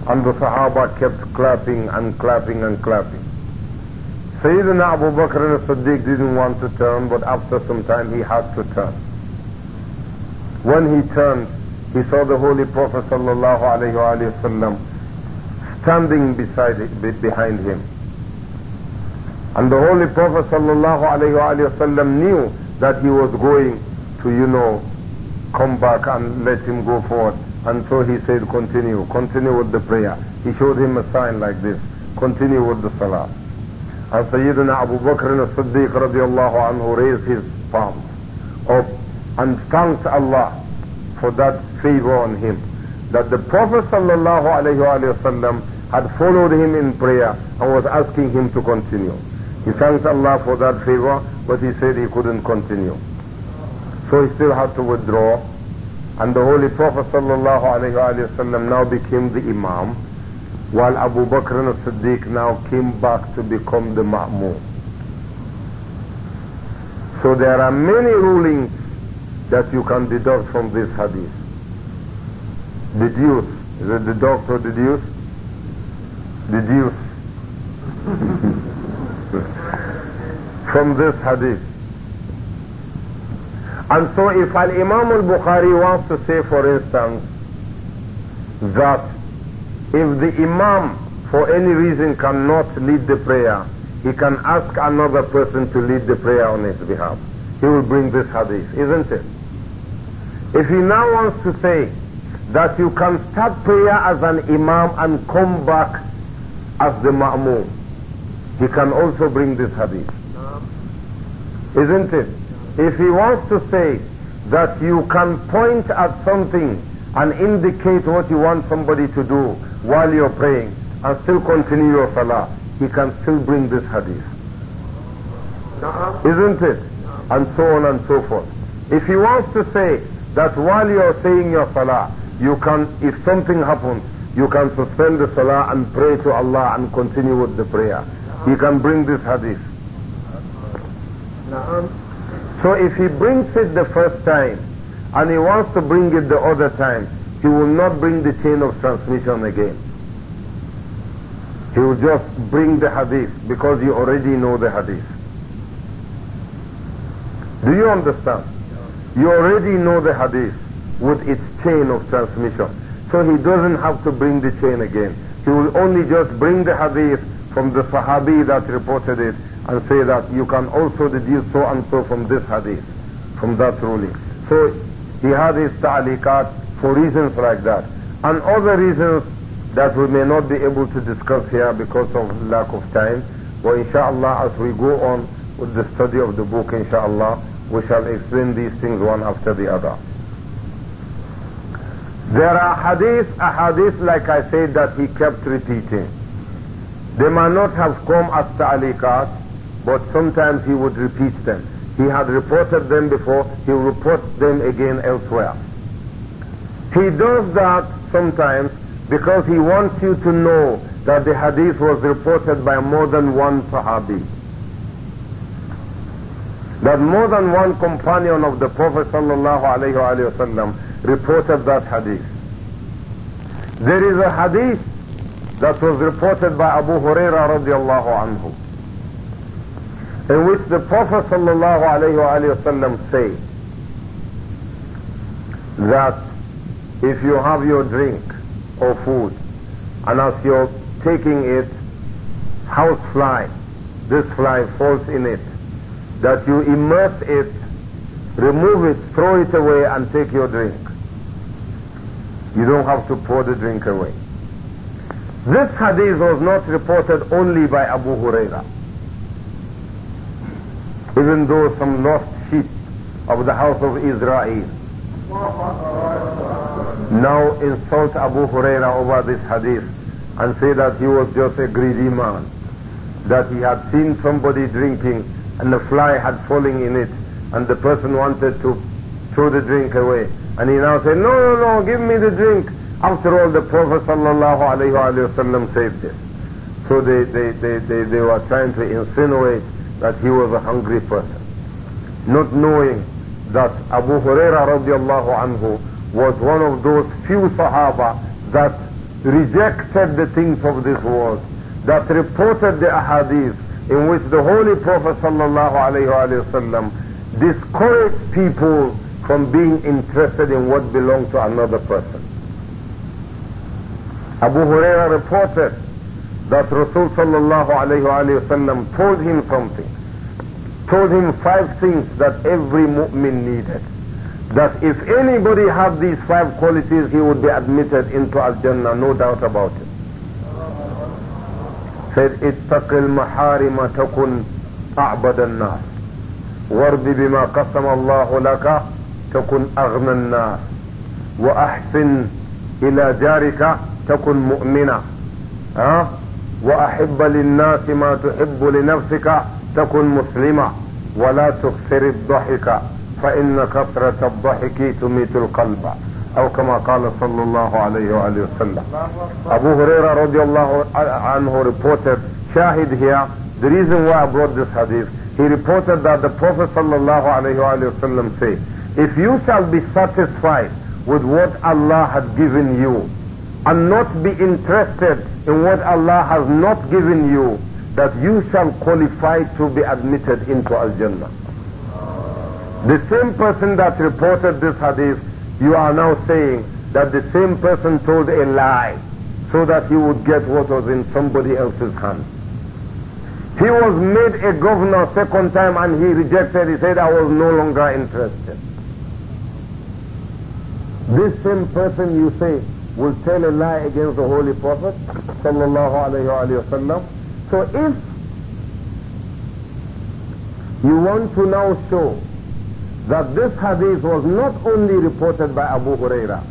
and the Sahaba kept clapping and clapping and clapping. Sayyidina Abu Bakr as-Siddiq didn't want to turn but after some time he had to turn. When he turned he saw the Holy Prophet sallallahu alayhi wasallam standing beside, behind him. And the Holy Prophet sallallahu alayhi wasallam knew that he was going to, you know, come back and let him go forward. And so he said, continue, continue with the prayer. He showed him a sign like this, continue with the salah. And Sayyidina Abu Bakr as-Siddiq radiallahu anhu raised his palms up and thanked Allah for that favor on him. That the Prophet sallallahu alayhi wasallam had followed him in prayer and was asking him to continue. He thanked Allah for that favor, but he said he couldn't continue. So he still had to withdraw. And the Holy Prophet ﷺ now became the Imam, while Abu Bakr and Siddiq now came back to become the Ma'mun. So there are many rulings that you can deduct from this hadith. Deduce. Is it deduct or deduce? Deduce. [laughs] from this hadith. And so if Al-Imam al-Bukhari wants to say, for instance, that if the Imam for any reason cannot lead the prayer, he can ask another person to lead the prayer on his behalf. He will bring this hadith, isn't it? If he now wants to say that you can start prayer as an imam and come back as the ma'mun, he can also bring this hadith. Isn't it? If he wants to say that you can point at something and indicate what you want somebody to do while you're praying and still continue your salah, he can still bring this hadith. Isn't it? And so on and so forth. If he wants to say that while you're saying your salah, you can, if something happens, you can suspend the salah and pray to Allah and continue with the prayer. He can bring this hadith. So if he brings it the first time and he wants to bring it the other time, he will not bring the chain of transmission again. He will just bring the hadith because you already know the hadith. Do you understand? You already know the hadith with its chain of transmission. So he doesn't have to bring the chain again. He will only just bring the hadith from the Sahabi that reported it and say that you can also deduce so and so from this hadith, from that ruling. So he had his ta'liqat for reasons like that. And other reasons that we may not be able to discuss here because of lack of time. But inshallah, as we go on with the study of the book, inshallah, we shall explain these things one after the other. There are hadith, a hadith like I said that he kept repeating. They might not have come as ta'liqat, but sometimes he would repeat them. He had reported them before, he reports them again elsewhere. He does that sometimes because he wants you to know that the hadith was reported by more than one Sahabi. That more than one companion of the Prophet ﷺ reported that hadith. There is a hadith that was reported by Abu Huraira radiallahu anhu in which the Prophet ﷺ say that if you have your drink or food and as you're taking it, house fly, this fly falls in it, that you immerse it, remove it, throw it away and take your drink. You don't have to pour the drink away. This hadith was not reported only by Abu Hurairah even though some lost sheep of the house of Israel. Now insult Abu Huraira over this hadith and say that he was just a greedy man, that he had seen somebody drinking and a fly had fallen in it and the person wanted to throw the drink away. And he now said, no, no, no, give me the drink. After all, the Prophet sallallahu alayhi wa sallam said this. So they, they, they, they, they were trying to insinuate that he was a hungry person, not knowing that Abu Huraira radiallahu anhu was one of those few Sahaba that rejected the things of this world, that reported the ahadith in which the Holy Prophet sallallahu alayhi wasallam discouraged people from being interested in what belonged to another person. Abu Huraira reported that Rasul sallallahu alayhi sallam told him something, told him five things that every mu'min needed. That if anybody had these five qualities, he would be admitted into Al-Jannah, no doubt about it. Said, اتق المحارم تكن أعبد الناس وارض بما قسم الله لك تكن أغنى الناس وأحسن إلى جارك تكن مؤمنا ها واحب للناس ما تحب لنفسك تكن مسلمة ولا تكثر الضحك فان كثره الضحك تميت القلب او كما قال صلى الله عليه واله وسلم ابو هريره رضي الله عنه reported شاهد here the reason why i brought this hadith he reported that the prophet صلى الله عليه واله وسلم said if you shall be satisfied with what allah had given you and not be interested in what Allah has not given you, that you shall qualify to be admitted into Al-Jannah. The same person that reported this hadith, you are now saying that the same person told a lie so that he would get what was in somebody else's hand. He was made a governor second time and he rejected. He said, I was no longer interested. This same person you say will tell a lie against the Holy Prophet sallallahu alayhi wasallam. So if you want to now show that this hadith was not only reported by Abu Huraira,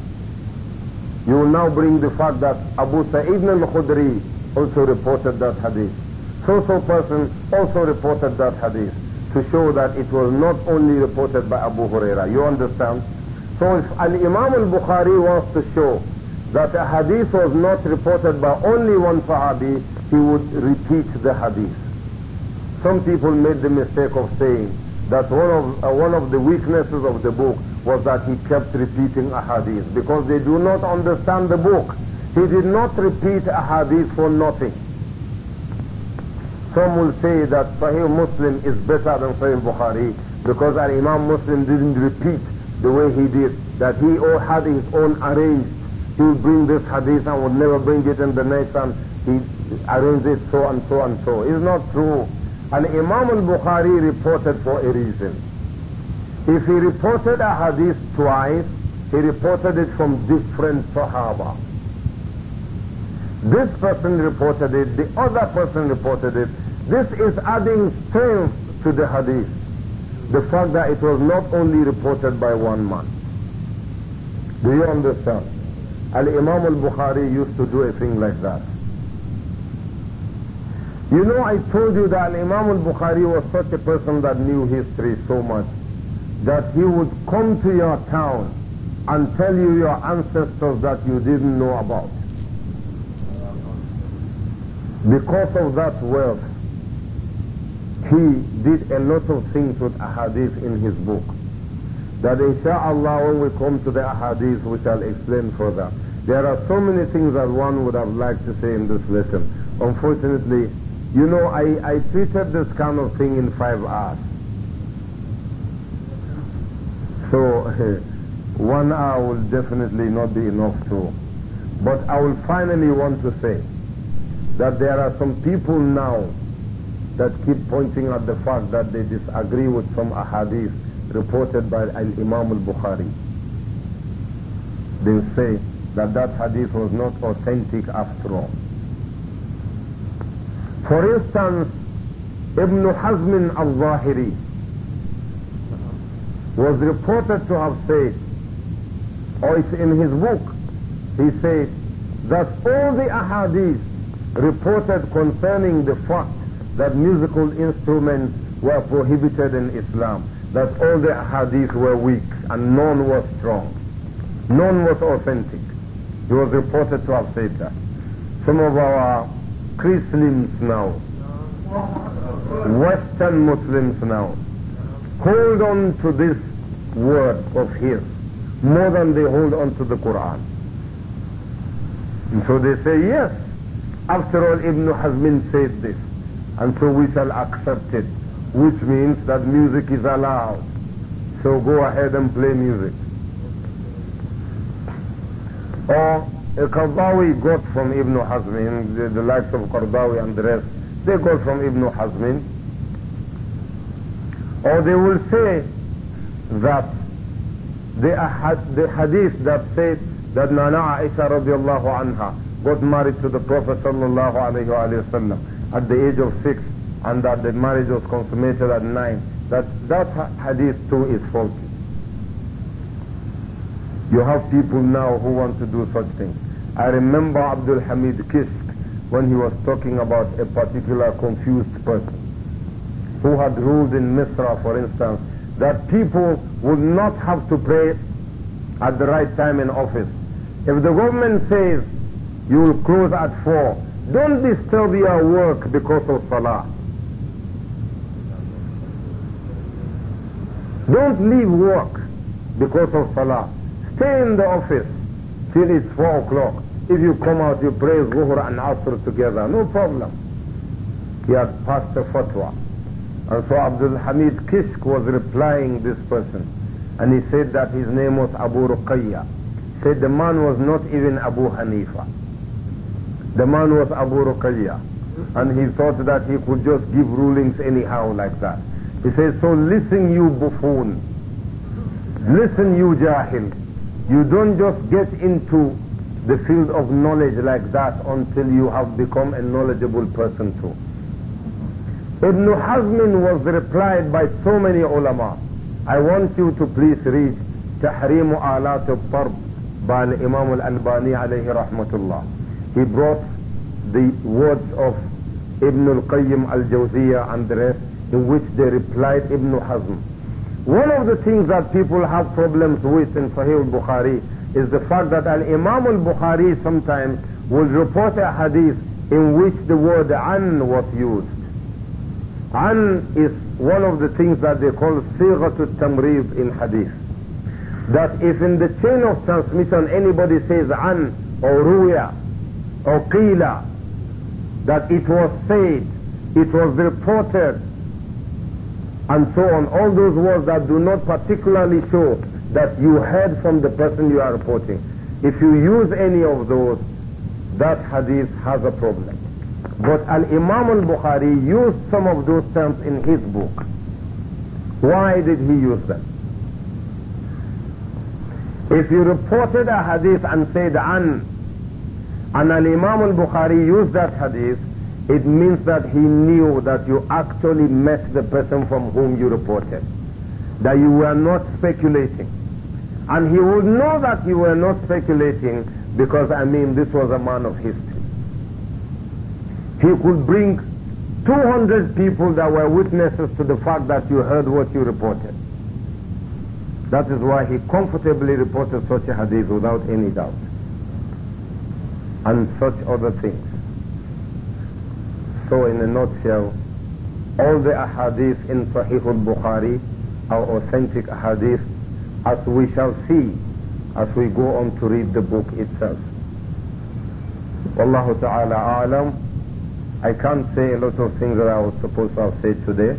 you will now bring the fact that Abu Sa'id al-Khudri also reported that hadith. So-so person also reported that hadith to show that it was not only reported by Abu Huraira. You understand? So if Al-Imam al-Bukhari wants to show that a hadith was not reported by only one Sahabi, he would repeat the hadith. Some people made the mistake of saying that one of, uh, one of the weaknesses of the book was that he kept repeating a hadith because they do not understand the book. He did not repeat a hadith for nothing. Some will say that Sahih Muslim is better than Sahih Bukhari because our Imam Muslim didn't repeat the way he did, that he all had his own arranged he would bring this hadith and would never bring it in the next and he arranged it so and so and so. It's not true. And Imam al-Bukhari reported for a reason. If he reported a hadith twice, he reported it from different Sahaba. This person reported it, the other person reported it. This is adding strength to the hadith. The fact that it was not only reported by one man. Do you understand? Al-Imam al-Bukhari used to do a thing like that. You know, I told you that Imam al-Bukhari was such a person that knew history so much that he would come to your town and tell you your ancestors that you didn't know about. Because of that wealth, he did a lot of things with ahadith in his book. That insha'Allah when we come to the ahadith we shall explain further. There are so many things that one would have liked to say in this lesson. Unfortunately, you know, I, I treated this kind of thing in five hours. So, [laughs] one hour will definitely not be enough to. But I will finally want to say that there are some people now that keep pointing at the fact that they disagree with some ahadith reported by Imam al-Bukhari. They say, that that hadith was not authentic after all. For instance, Ibn Hazm al-Zahiri was reported to have said, or it's in his book, he said that all the ahadith reported concerning the fact that musical instruments were prohibited in Islam, that all the ahadith were weak and none was strong, none was authentic. He was reported to have said that. Some of our Christians now, Western Muslims now, hold on to this word of his more than they hold on to the Quran. And so they say, yes, after all Ibn Hazmin said this, and so we shall accept it, which means that music is allowed. So go ahead and play music. Or Qardawi got from Ibn Hazm, the, the likes of Qardawi and the rest, they got from Ibn Hazm. Or they will say that the, the hadith that said that Nana Aisha radiallahu anha got married to the Prophet sallallahu alayhi wa sallam at the age of six and that the marriage was consummated at nine, that that hadith too is faulty. You have people now who want to do such things. I remember Abdul Hamid Kisk when he was talking about a particular confused person who had ruled in Misra, for instance, that people would not have to pray at the right time in office. If the government says you will close at four, don't disturb your work because of salah. Don't leave work because of salah. Stay in the office till it's 4 o'clock. If you come out, you pray Zuhr and Asr together. No problem. He had passed a fatwa. And so Abdul Hamid Kishk was replying this person. And he said that his name was Abu Ruqayya. Said the man was not even Abu Hanifa. The man was Abu Ruqayya. And he thought that he could just give rulings anyhow like that. He says, so listen you buffoon. Listen you jahil. You don't just get into the field of knowledge like that until you have become a knowledgeable person too. Ibn Hazm was replied by so many ulama. I want you to please read تحريم آلات الطرب by Imam al-Albani alayhi rahmatullah. He brought the words of Ibn al-Qayyim al-Jawziyah and the rest in which they replied Ibn Hazm. One of the things that people have problems with in Sahih al-Bukhari is the fact that an Imam al-Bukhari sometimes will report a hadith in which the word an was used. An is one of the things that they call sighatul tamrib in hadith. That if in the chain of transmission anybody says an or ruya or qila, that it was said, it was reported, and so on. All those words that do not particularly show that you heard from the person you are reporting. If you use any of those, that hadith has a problem. But Al-Imam al-Bukhari used some of those terms in his book. Why did he use them? If you reported a hadith and said an, and Al-Imam al-Bukhari used that hadith, it means that he knew that you actually met the person from whom you reported, that you were not speculating. And he would know that you were not speculating because, I mean, this was a man of history. He could bring 200 people that were witnesses to the fact that you heard what you reported. That is why he comfortably reported such a hadith without any doubt. And such other things. So in a nutshell, all the ahadith in Sahih al-Bukhari are authentic ahadith as we shall see as we go on to read the book itself. Wallahu ta'ala alam. I can't say a lot of things that I was supposed to have said today,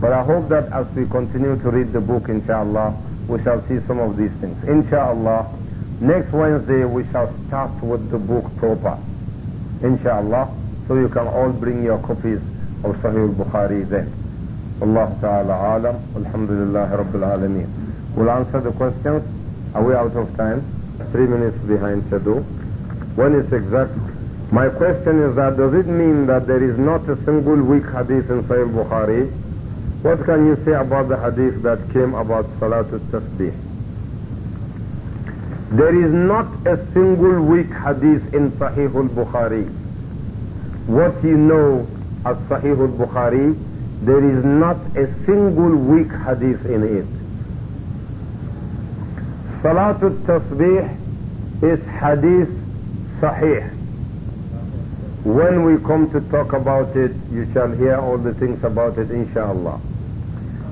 but I hope that as we continue to read the book, inshallah, we shall see some of these things. Inshallah, next Wednesday we shall start with the book proper. Inshallah. So you can all bring your copies of Sahih al-Bukhari then. Allah Ta'ala alam. Alhamdulillah Rabbil Alameen. We'll answer the questions. Are we out of time? Three minutes behind schedule. When is exact? My question is that does it mean that there is not a single weak hadith in Sahih Bukhari? What can you say about the hadith that came about Salatul Tasbih? There is not a single weak hadith in Sahih al-Bukhari what you know as Sahih al-Bukhari, there is not a single weak hadith in it. Salatul Tasbih is hadith Sahih. When we come to talk about it, you shall hear all the things about it, inshallah.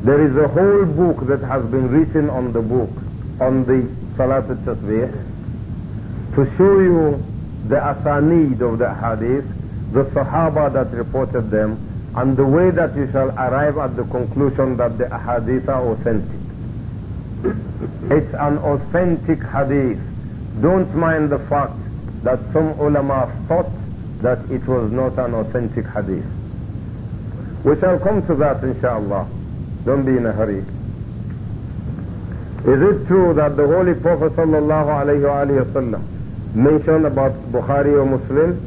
There is a whole book that has been written on the book, on the Salatul Tasbih, to show you the asanid of the hadith the Sahaba that reported them, and the way that you shall arrive at the conclusion that the hadith are authentic. [coughs] It's an authentic hadith. Don't mind the fact that some ulama thought that it was not an authentic hadith. We shall come to that inshallah. Don't be in a hurry. Is it true that the Holy Prophet sallallahu alayhi wa mentioned about Bukhari or Muslim?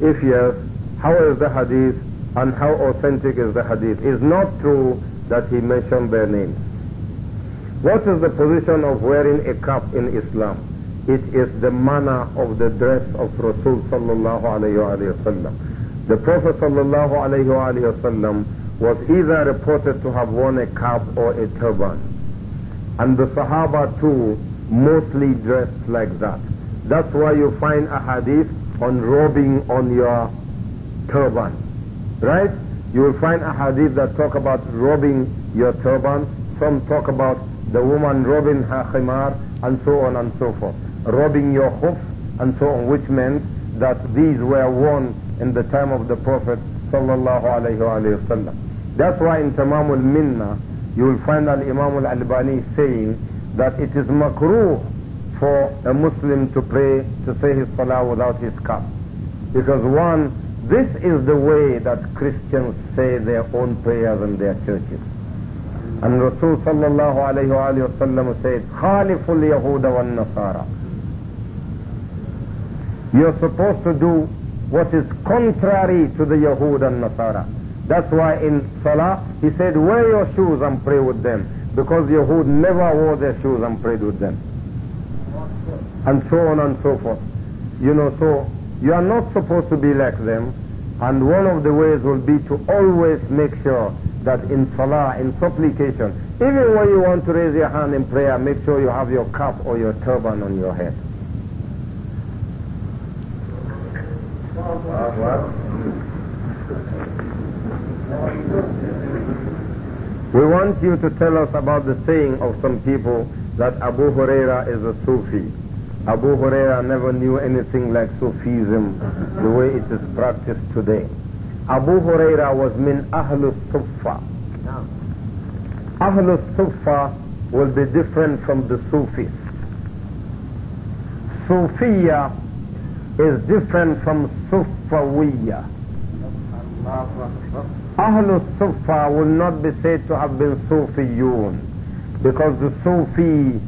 If yes, how is the hadith and how authentic is the hadith? It's not true that he mentioned their names. What is the position of wearing a cap in Islam? It is the manner of the dress of Rasul sallallahu alayhi wasallam. The Prophet sallallahu alayhi wasallam was either reported to have worn a cap or a turban. And the Sahaba too mostly dressed like that. That's why you find a hadith on robing on your turban. Right? You will find a hadith that talk about robbing your turban. Some talk about the woman robbing her khimar and so on and so forth. Robbing your hoof, and so on, which meant that these were worn in the time of the Prophet sallallahu alayhi wasallam. That's why in Tamam al-Minna, you will find that imam al-Albani saying that it is makruh for a Muslim to pray, to say his salah without his cap. Because one, this is the way that Christians say their own prayers in their churches. And Rasul sallallahu alayhi wa sallam said, Khaliful Yahuda wa Nasara. You're supposed to do what is contrary to the Yahud and Nasara. That's why in Salah, he said, wear your shoes and pray with them. Because Yahud never wore their shoes and prayed with them. And so on and so forth. You know, so you are not supposed to be like them. And one of the ways will be to always make sure that in salah, in supplication, even when you want to raise your hand in prayer, make sure you have your cap or your turban on your head. We want you to tell us about the saying of some people that Abu Huraira is a Sufi. Abu Huraira never knew anything like Sufism the way it is practiced today. Abu Huraira was min Ahlul sufa. Ahlul sufa will be different from the Sufis. Sufiya is different from Sufawiya. Ahlul Sufa will not be said to have been Sufiyun because the Sufi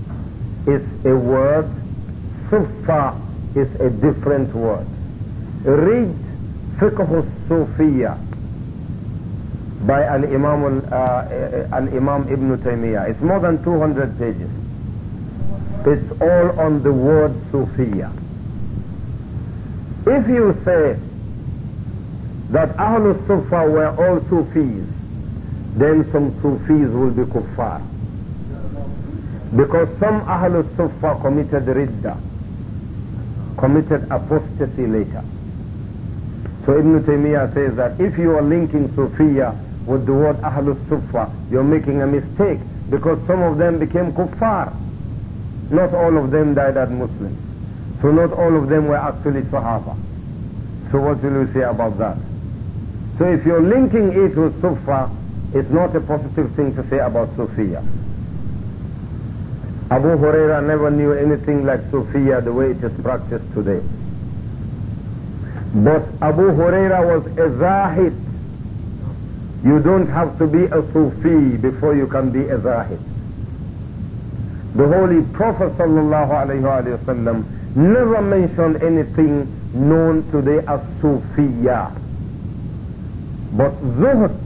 is a word Sufa is a different word. Read فقه Sufiya" by an imam uh, uh imam Ibn Taymiyyah. It's more than 200 pages. It's all on the word Sufiya. If you say that Ahlu Sufa were all Sufis, then some Sufis will be kuffar. Because some Ahlul Sufa committed ridda committed apostasy later. So Ibn Taymiyyah says that if you are linking Sufiya with the word Ahlus Sufa, you're making a mistake because some of them became kuffar. Not all of them died as Muslims. So not all of them were actually Sahaba. So what will you say about that? So if you're linking it with Sufa, it's not a positive thing to say about Sufiya. Abu Huraira never knew anything like Sufia the way it is practiced today. But Abu Huraira was a Zahid. You don't have to be a Sufi before you can be a Zahid. The Holy Prophet وسلم never mentioned anything known today as Sufiya. But Zuhd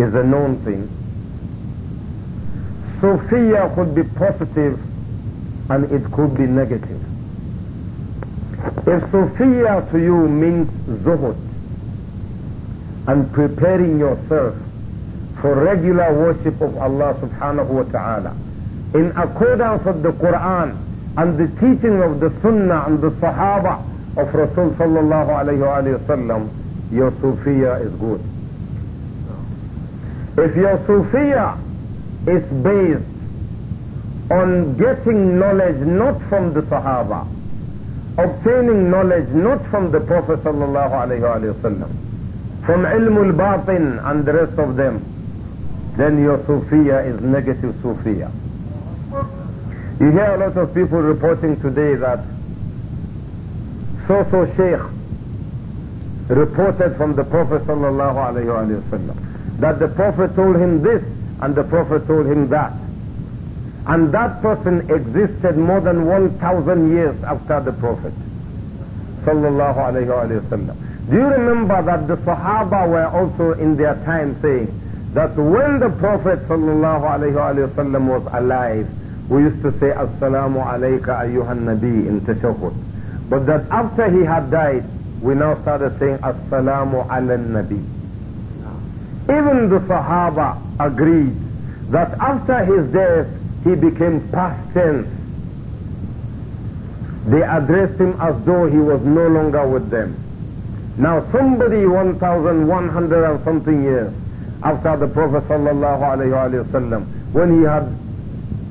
is a known thing. So fear could be positive and it could be negative. If Sufiya to you means zuhud and preparing yourself for regular worship of Allah subhanahu wa ta'ala in accordance with the Quran and the teaching of the Sunnah and the Sahaba of Rasul sallallahu alayhi wa sallam, your Sufiya is good. If your Sufiya is based on getting knowledge not from the Sahaba, obtaining knowledge not from the Prophet sallallahu from ilmul batin and the rest of them, then your Sufiya is negative Sufiya. You hear a lot of people reporting today that so-so Sheikh reported from the Prophet sallallahu that the Prophet told him this and the Prophet told him that. And that person existed more than 1,000 years after the Prophet. Sallallahu alayhi wasallam. Do you remember that the Sahaba were also in their time saying that when the Prophet sallallahu alayhi wasallam was alive, we used to say, Assalamu alayka ayyuhan nabi in tashahud. But that after he had died, we now started saying, Assalamu ala nabi. Even the Sahaba agreed that after his death, he became past tense. They addressed him as though he was no longer with them. Now somebody 1,100 and something years after the Prophet sallallahu when he had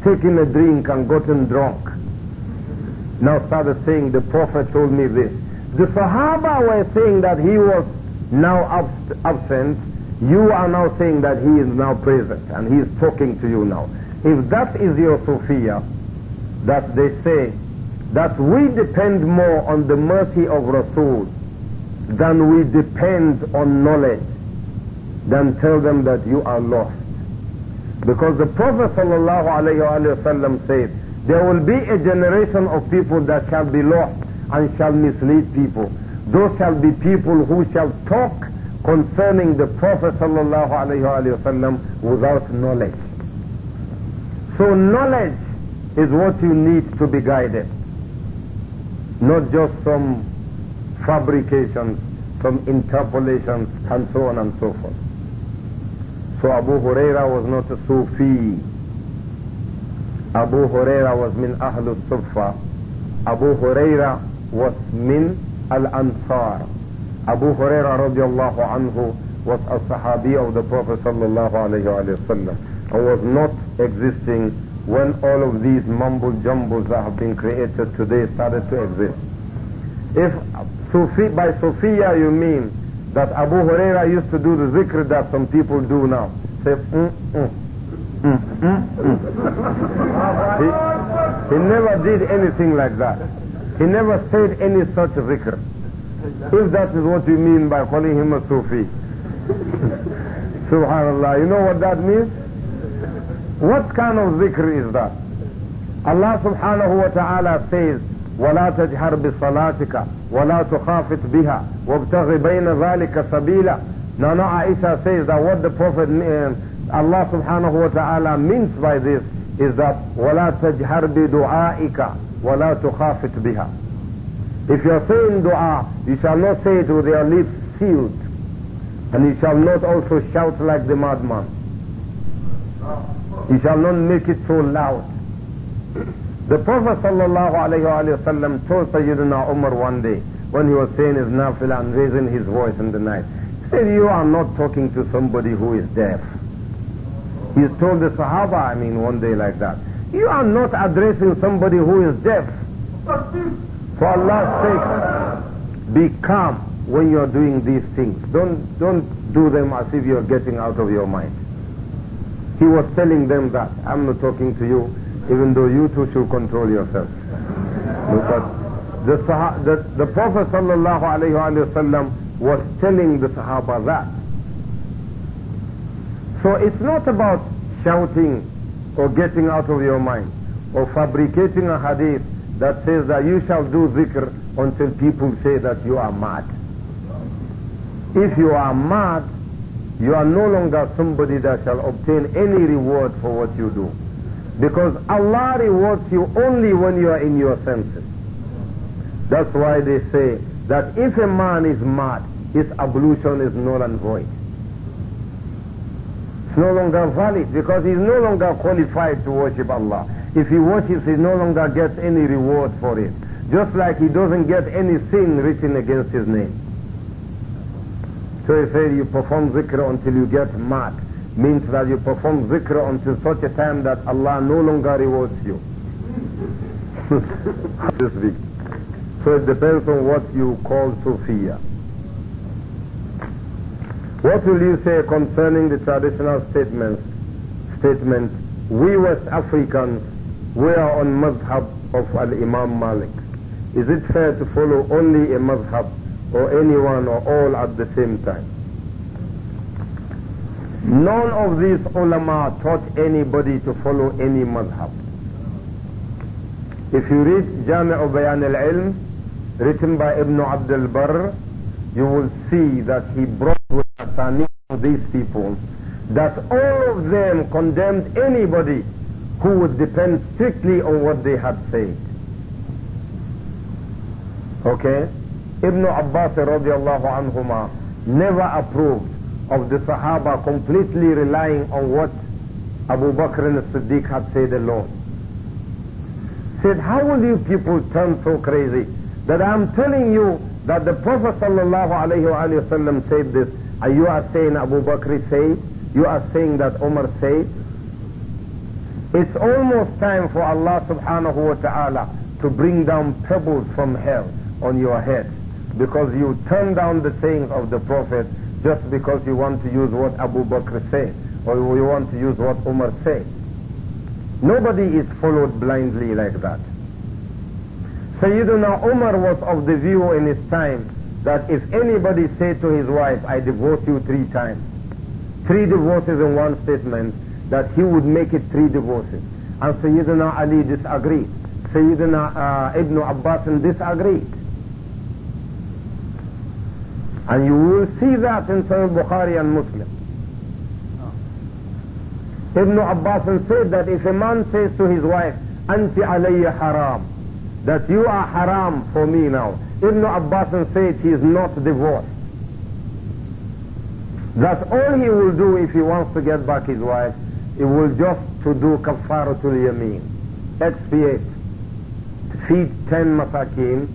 taken a drink and gotten drunk, now started saying, the Prophet told me this. The Sahaba were saying that he was now absent you are now saying that he is now present and he is talking to you now. If that is your Sophia, that they say that we depend more on the mercy of Rasul than we depend on knowledge, then tell them that you are lost. Because the Prophet ﷺ said, there will be a generation of people that shall be lost and shall mislead people. Those shall be people who shall talk concerning the Prophet ﷺ without knowledge. So knowledge is what you need to be guided. Not just some fabrications, some interpolations, and so on and so forth. So Abu Huraira was not a Sufi. Abu Huraira was min Ahlul Sufa. Abu Huraira was min Al-Ansar. Abu Huraira radiallahu anhu was a sahabi of the Prophet sallallahu alayhi sallam and was not existing when all of these mumble jumbles that have been created today started to exist. If Sufi, by Sufiya you mean that Abu Huraira used to do the zikr that some people do now. Say, mm mm, mm, mm, mm. he, he never did anything like that. He never said any such zikr. If that is what you mean by calling him a Sufi. [laughs] Subhanallah. You know what that means? What kind of zikr is that? Allah subhanahu wa ta'ala says, ولا تجهر بصلاتك ولا تخافت بها وابتغ بين ذلك سبيلا Nana Aisha says that what the Prophet uh, Allah subhanahu wa ta'ala means by this is that ولا تجهر بدعائك ولا تخافت بها if you are saying dua, you shall not say it with your lips sealed, and you shall not also shout like the madman. You shall not make it so loud. The Prophet wasallam told Sayyidina Umar one day, when he was saying his nafil and raising his voice in the night, he said, you are not talking to somebody who is deaf. He told the Sahaba, I mean, one day like that, you are not addressing somebody who is deaf. For Allah's sake, be calm when you're doing these things. Don't, don't do them as if you're getting out of your mind. He was telling them that. I'm not talking to you, even though you too should control yourself. Because the, Sah- the, the Prophet ﷺ was telling the Sahaba that. So it's not about shouting or getting out of your mind or fabricating a hadith that says that you shall do zikr until people say that you are mad. If you are mad, you are no longer somebody that shall obtain any reward for what you do. Because Allah rewards you only when you are in your senses. That's why they say that if a man is mad, his ablution is null and void. It's no longer valid because he's no longer qualified to worship Allah. If he worships, he no longer gets any reward for it. Just like he doesn't get any sin written against his name. So he said, you perform zikr until you get mad. Means that you perform zikr until such a time that Allah no longer rewards you. [laughs] this week. So it depends on what you call Sophia. What will you say concerning the traditional statements? Statement, we West Africans we are on madhab of Al-Imam Malik. Is it fair to follow only a madhab or anyone or all at the same time? None of these ulama taught anybody to follow any madhab. If you read Jami' Bayan al-Ilm, written by Ibn Abd al-Barr, you will see that he brought with him these people, that all of them condemned anybody who would depend strictly on what they had said. Okay? Ibn Abbas radiallahu anhuma never approved of the Sahaba completely relying on what Abu Bakr as-Siddiq had said alone. Said, how will you people turn so crazy that I'm telling you that the Prophet sallallahu alayhi wa said this and you are saying Abu Bakr said, you are saying that Umar said, it's almost time for Allah subhanahu wa ta'ala to bring down pebbles from hell on your head because you turn down the sayings of the Prophet just because you want to use what Abu Bakr said or you want to use what Umar said. Nobody is followed blindly like that. Sayyidina Umar was of the view in his time that if anybody said to his wife, I divorce you three times, three divorces in one statement, that he would make it three divorces. And Sayyidina Ali disagreed. Sayyidina uh, Ibn Abbas disagreed. And you will see that in Sahih Bukhari and Muslim. Ibn Abbas said that if a man says to his wife, Anti alayya haram, that you are haram for me now. Ibn Abbas said he is not divorced. That's all he will do if he wants to get back his wife it was just to do kafaratul yameen, expiate, feed ten masakin,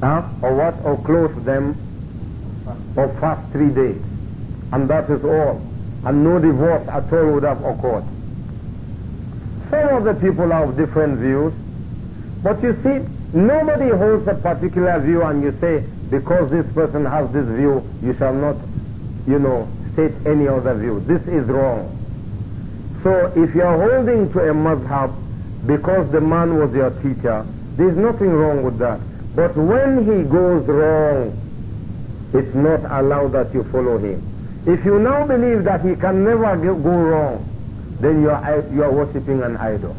huh? or what, or clothe them, or fast three days. And that is all. And no divorce at all would have occurred. Some of the people have different views, but you see, nobody holds a particular view and you say, because this person has this view, you shall not, you know, state any other view. This is wrong. So if you are holding to a madhab because the man was your teacher, there's nothing wrong with that. But when he goes wrong, it's not allowed that you follow him. If you now believe that he can never go wrong, then you are, you are worshipping an idol.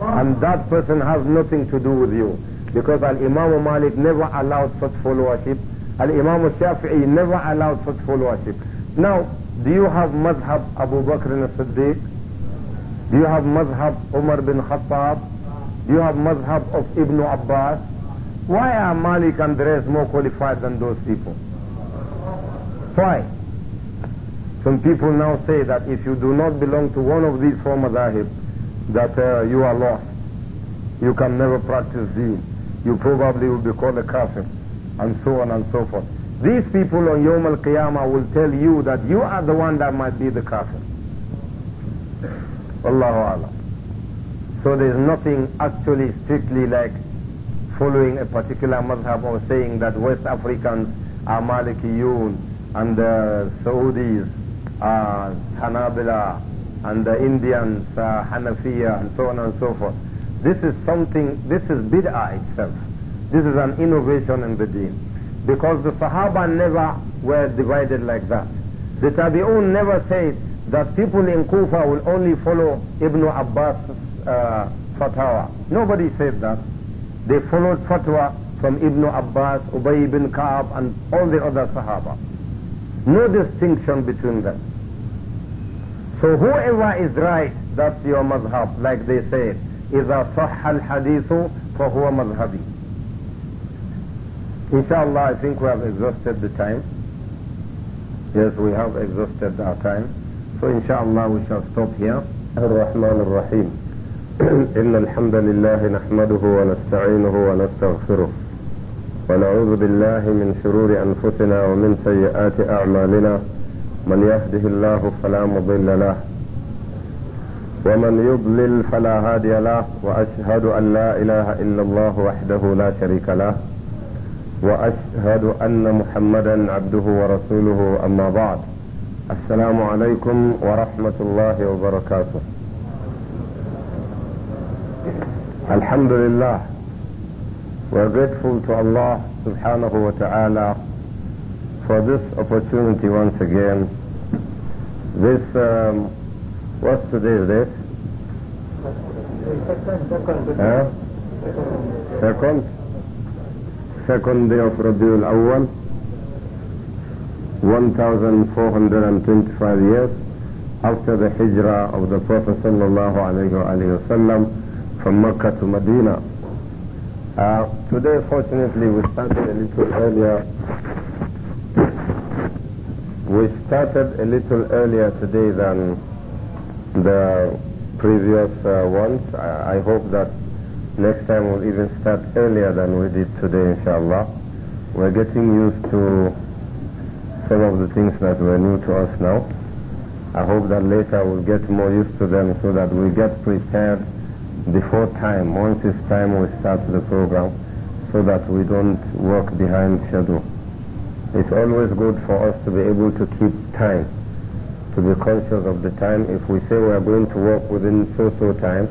And that person has nothing to do with you. Because Al-Imam Malik never allowed such followership. Al-Imam Shafi'i never allowed such followership. Now, do you have madhab Abu Bakr al siddiq Do you have madhab Umar bin Khattab? Do you have madhab of Ibn Abbas? Why are Malik and the rest more qualified than those people? Why? Some people now say that if you do not belong to one of these four madhahib, that uh, you are lost. You can never practice deen. You probably will be called a kafir, and so on and so forth. These people on Yom Al Qiyamah will tell you that you are the one that might be the kafir. Allahu Alam. So there's nothing actually strictly like following a particular madhab or saying that West Africans are Malikiyun and the Saudis are Hanabila and the Indians are Hanafiya and so on and so forth. This is something, this is bid'ah itself. This is an innovation in the deen because the Sahaba never were divided like that. The Tabi'un never said that people in Kufa will only follow Ibn Abbas's uh, fatwa. Nobody said that. They followed fatwa from Ibn Abbas, Ubay ibn Ka'ab and all the other Sahaba. No distinction between them. So whoever is right, that's your madhab, like they say, إذا صح الحديث فهو مذهبي. Inshallah, I think we have exhausted the time. Yes, we have exhausted our time. So inshallah, we shall stop here. الرحمن الرحيم إن الحمد لله نحمده ونستعينه ونستغفره ونعوذ بالله من شرور أنفسنا ومن سيئات أعمالنا من يهده الله فلا مضل له ومن يضلل فلا هادي له وأشهد أن لا إله إلا الله وحده لا شريك له واشهد ان محمدا عبده ورسوله اما بعد السلام عليكم ورحمه الله وبركاته الحمد لله we're grateful to Allah subhanahu wa ta'ala for this opportunity once again this um, what's today's date? Huh? second second day of Rabiul Awal 1425 years after the hijrah of the Prophet sallallahu alaihi wasallam from Mecca to Medina. Uh, today, fortunately, we started a little earlier. We started a little earlier today than the previous uh, ones. I, I hope that next time we'll even start earlier than we did today, inshallah. We're getting used to some of the things that were new to us now. I hope that later we'll get more used to them so that we get prepared before time. Once it's time, we start the program so that we don't work behind schedule. It's always good for us to be able to keep time, to be conscious of the time. If we say we are going to work within so-so time,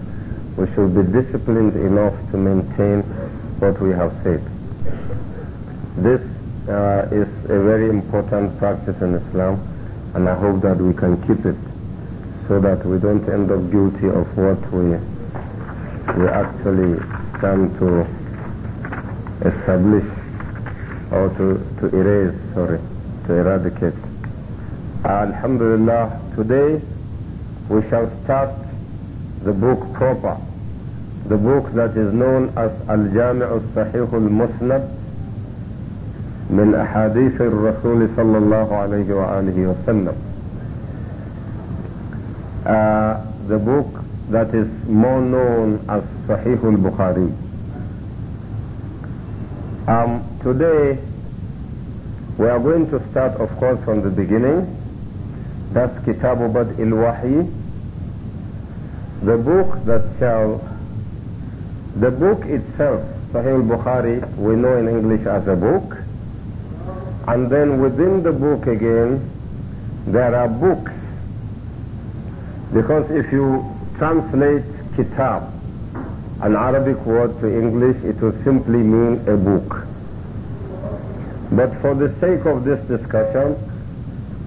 we should be disciplined enough to maintain what we have said. This uh, is a very important practice in Islam, and I hope that we can keep it so that we don't end up guilty of what we we actually come to establish or to, to erase, sorry, to eradicate. Alhamdulillah, today we shall start the book proper the book that is known as Al-Jami' al-Sahih al-Musnad من أحاديث الرسول صلى الله عليه وآله وسلم uh, the book that is more known as Sahih al-Bukhari um, today we are going to start of course from the beginning that's Kitab Bad al-Wahi the book that shall the book itself, Sahih Bukhari, we know in English as a book. And then within the book again, there are books. Because if you translate kitab, an Arabic word to English, it will simply mean a book. But for the sake of this discussion,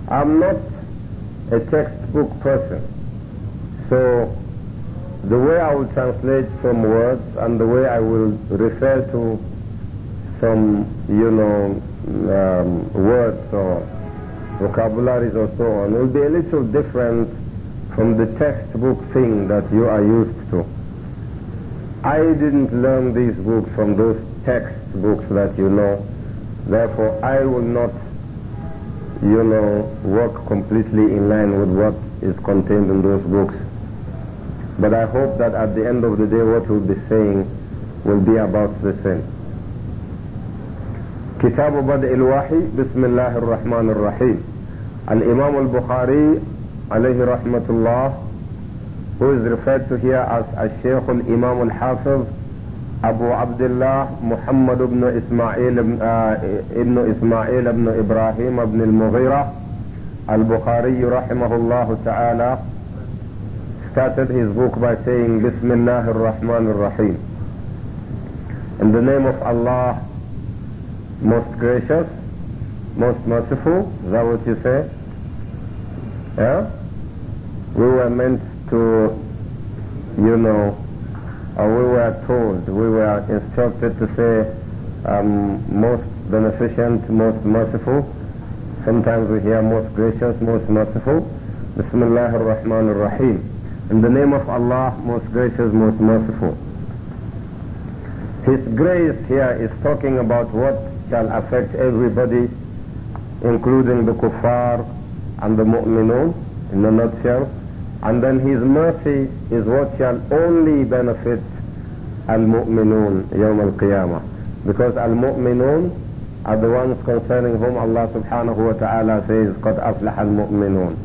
I'm not a textbook person. So the way I will translate some words and the way I will refer to some, you know, um, words or vocabularies or so on will be a little different from the textbook thing that you are used to. I didn't learn these books from those textbooks that you know. Therefore, I will not, you know, work completely in line with what is contained in those books. But I hope that at the end of the day what we'll be saying will be about the same. كتاب بدء الوحي بسم الله الرحمن الرحيم الإمام البخاري عليه رحمة الله who is referred to here as الشيخ الإمام الحافظ أبو عبد الله محمد بن إسماعيل ابن إسماعيل بن إبراهيم بن المغيرة البخاري رحمه الله تعالى started his book by saying Bismillah ar-Rahman ar-Rahim in the name of Allah most gracious most merciful is that what you say yeah we were meant to you know or we were told we were instructed to say um, most beneficent most merciful sometimes we hear most gracious most merciful Bismillah ar-Rahman ar-Rahim in the name of Allah, most gracious, most merciful. His grace here is talking about what shall affect everybody, including the kuffar and the mu'minun, in a nutshell. And then His mercy is what shall only benefit al-mu'minun, yawm al-qiyamah. Because al-mu'minun are the ones concerning whom Allah subhanahu wa ta'ala says, قَدْ أَفْلَحَ الْمُؤْمِنُونَ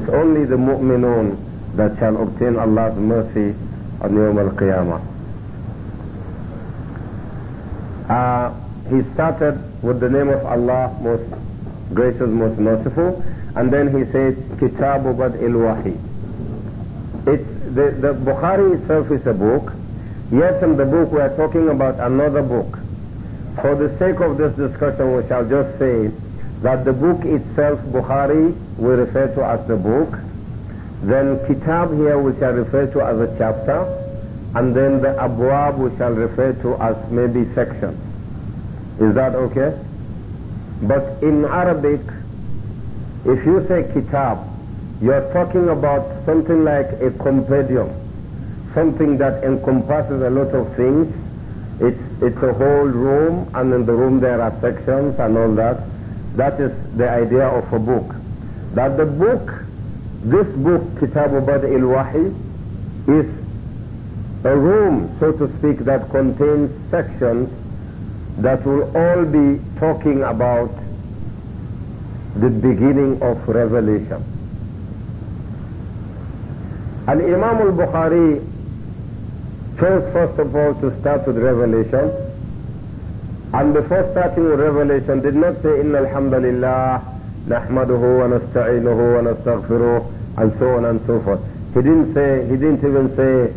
It's only the mu'minun that shall obtain Allah's mercy on Yawm al-Qiyamah. Uh, he started with the name of Allah, most gracious, most merciful, and then he said, Kitabu Bad'il Wahi. It's, the, the Bukhari itself is a book, yet in the book we are talking about another book. For the sake of this discussion, we shall just say that the book itself, Bukhari, we refer to as the book, then kitab here we shall refer to as a chapter, and then the abwab we shall refer to as maybe section. Is that okay? But in Arabic, if you say kitab, you're talking about something like a compendium, something that encompasses a lot of things. It's, it's a whole room, and in the room there are sections and all that. That is the idea of a book. That the book this book, Kitab Bad al-Wahi, is a room, so to speak, that contains sections that will all be talking about the beginning of revelation. And Imam al-Bukhari chose first of all to start with revelation and before starting with revelation did not say, Inna alhamdulillah نحمده ونستعينه ونستغفره and so on and so forth. He didn't say, he didn't even say,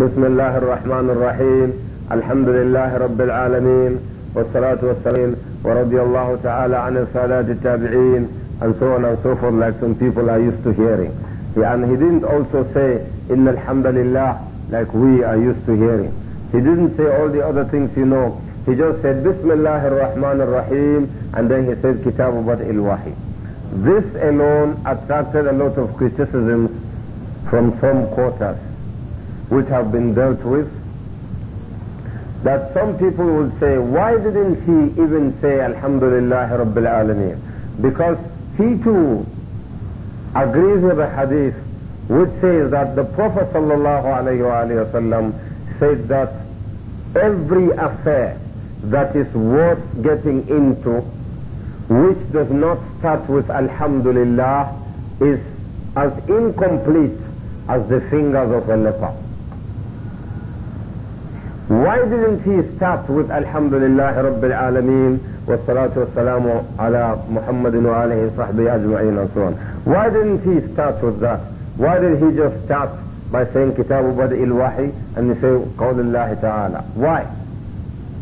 بسم الله الرحمن الرحيم الحمد لله رب العالمين والصلاة والسلام ورضي الله تعالى عن السادات التابعين and so on and so forth like some people are used to hearing. And he didn't also say, إن الحمد لله like we are used to hearing. He didn't say all the other things you know he just said, Bismillah ar-Rahman ar-Rahim, and then he said, Kitabu Bad'il Wahi. This alone attracted a lot of criticisms from some quarters, which have been dealt with, that some people would say, why didn't he even say Alhamdulillah Rabbil Alameen? Because he too agrees with the hadith which says that the Prophet sallallahu alayhi wa said that every affair that is worth getting into, which does not start with Alhamdulillah, is as incomplete as the fingers of a leper. Why didn't he start with Alhamdulillah Rabbil Alameen? والصلاة والسلام Muhammadin wa وآله وصحبه sallam and so on. Why didn't he start with that? Why did he just start by saying Kitabu Badil Wahi and you say قول Taala? Why?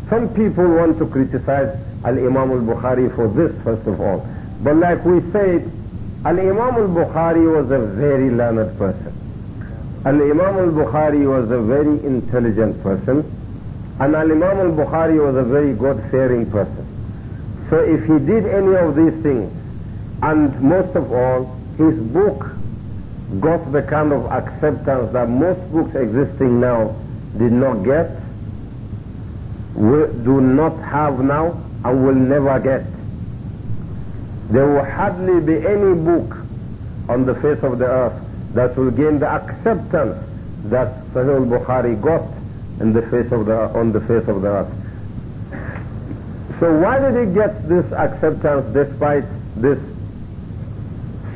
Some people want to criticize Al-Imam al-Bukhari for this, first of all. But like we said, Al-Imam al-Bukhari was a very learned person. Al-Imam al-Bukhari was a very intelligent person. And Al-Imam al-Bukhari was a very God-fearing person. So if he did any of these things, and most of all, his book got the kind of acceptance that most books existing now did not get, do not have now and will never get. There will hardly be any book on the face of the earth that will gain the acceptance that Sahih bukhari got in the face of the, on the face of the earth. So why did he get this acceptance despite this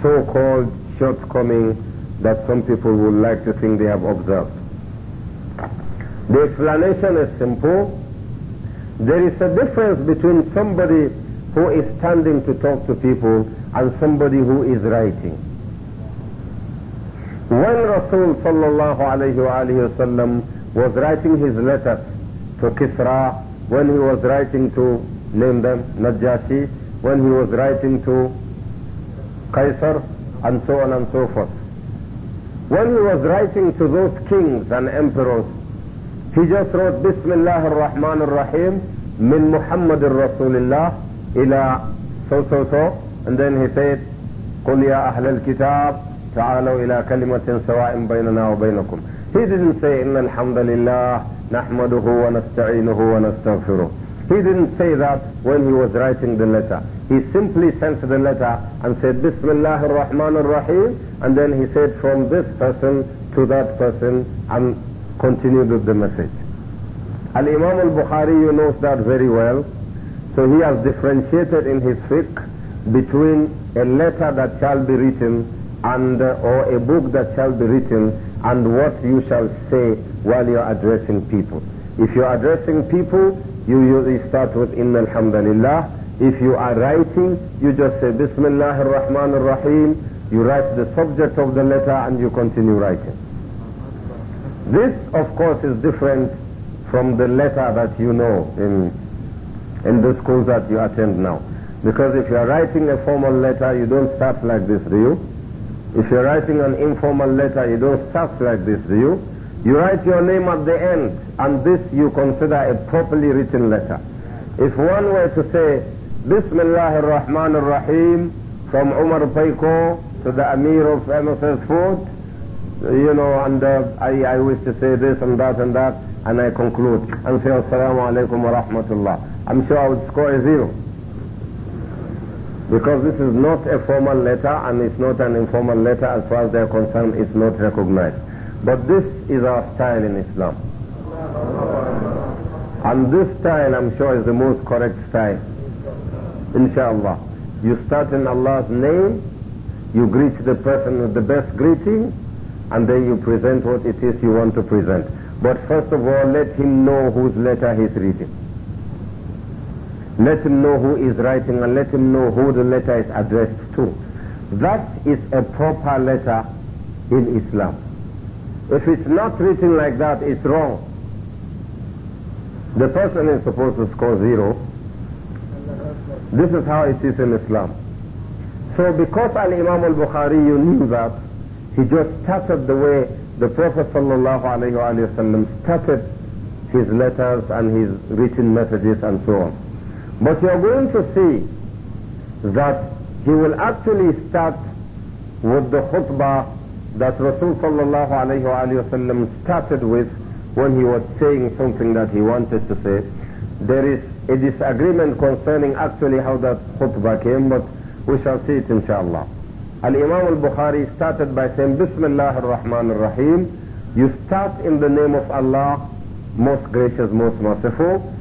so-called shortcoming that some people would like to think they have observed? The explanation is simple. There is a difference between somebody who is standing to talk to people and somebody who is writing. When Rasul sallallahu alayhi wasallam was writing his letters to Kisra, when he was writing to, name them, Najashi, when he was writing to Kaiser, and so on and so forth. When he was writing to those kings and emperors, He just wrote Bismillah ar-Rahman ar-Rahim min Muhammad Rasulullah ila so so so and then he said قل يا أهل الكتاب تعالوا إلى كلمة سواء بيننا وبينكم He didn't say إن الحمد لله نحمده ونستعينه ونستغفره He didn't say that when he was writing the letter. He simply sent the letter and said, Bismillah ar-Rahman ar-Rahim, and then he said, from this person to that person, and continued with the message. Al-Imam al-Bukhari, you knows that very well. So he has differentiated in his fiqh between a letter that shall be written and uh, or a book that shall be written and what you shall say while you are addressing people. If you are addressing people, you usually start with Inna alhamdulillah. If you are writing, you just say Bismillah ar-Rahman ar-Rahim. You write the subject of the letter and you continue writing. This, of course, is different from the letter that you know in, in the schools that you attend now. Because if you are writing a formal letter, you don't start like this, do you? If you're writing an informal letter, you don't start like this, do you? You write your name at the end, and this you consider a properly written letter. If one were to say, Bismillah ar-Rahman ar-Rahim, from Umar Paiko to the Amir of MSS Food, you know, and uh, I, I wish to say this and that and that, and I conclude and say, Assalamu alaikum wa rahmatullah. I'm sure I would score a zero. Because this is not a formal letter and it's not an informal letter as far as they're concerned, it's not recognized. But this is our style in Islam. And this style, I'm sure, is the most correct style. Inshallah. You start in Allah's name, you greet the person with the best greeting, and then you present what it is you want to present. But first of all, let him know whose letter he's reading. Let him know who is writing and let him know who the letter is addressed to. That is a proper letter in Islam. If it's not written like that, it's wrong. The person is supposed to score zero. This is how it is in Islam. So because Al-Imam al-Bukhari, you knew that, he just started the way the Prophet ﷺ started his letters and his written messages and so on. But you're going to see that he will actually start with the khutbah that Rasulullah ﷺ started with when he was saying something that he wanted to say. There is a disagreement concerning actually how that khutbah came, but we shall see it inshallah. Al-Imam al-Bukhari started by saying, Bismillah ar-Rahman ar-Rahim. You start in the name of Allah, most gracious, most merciful.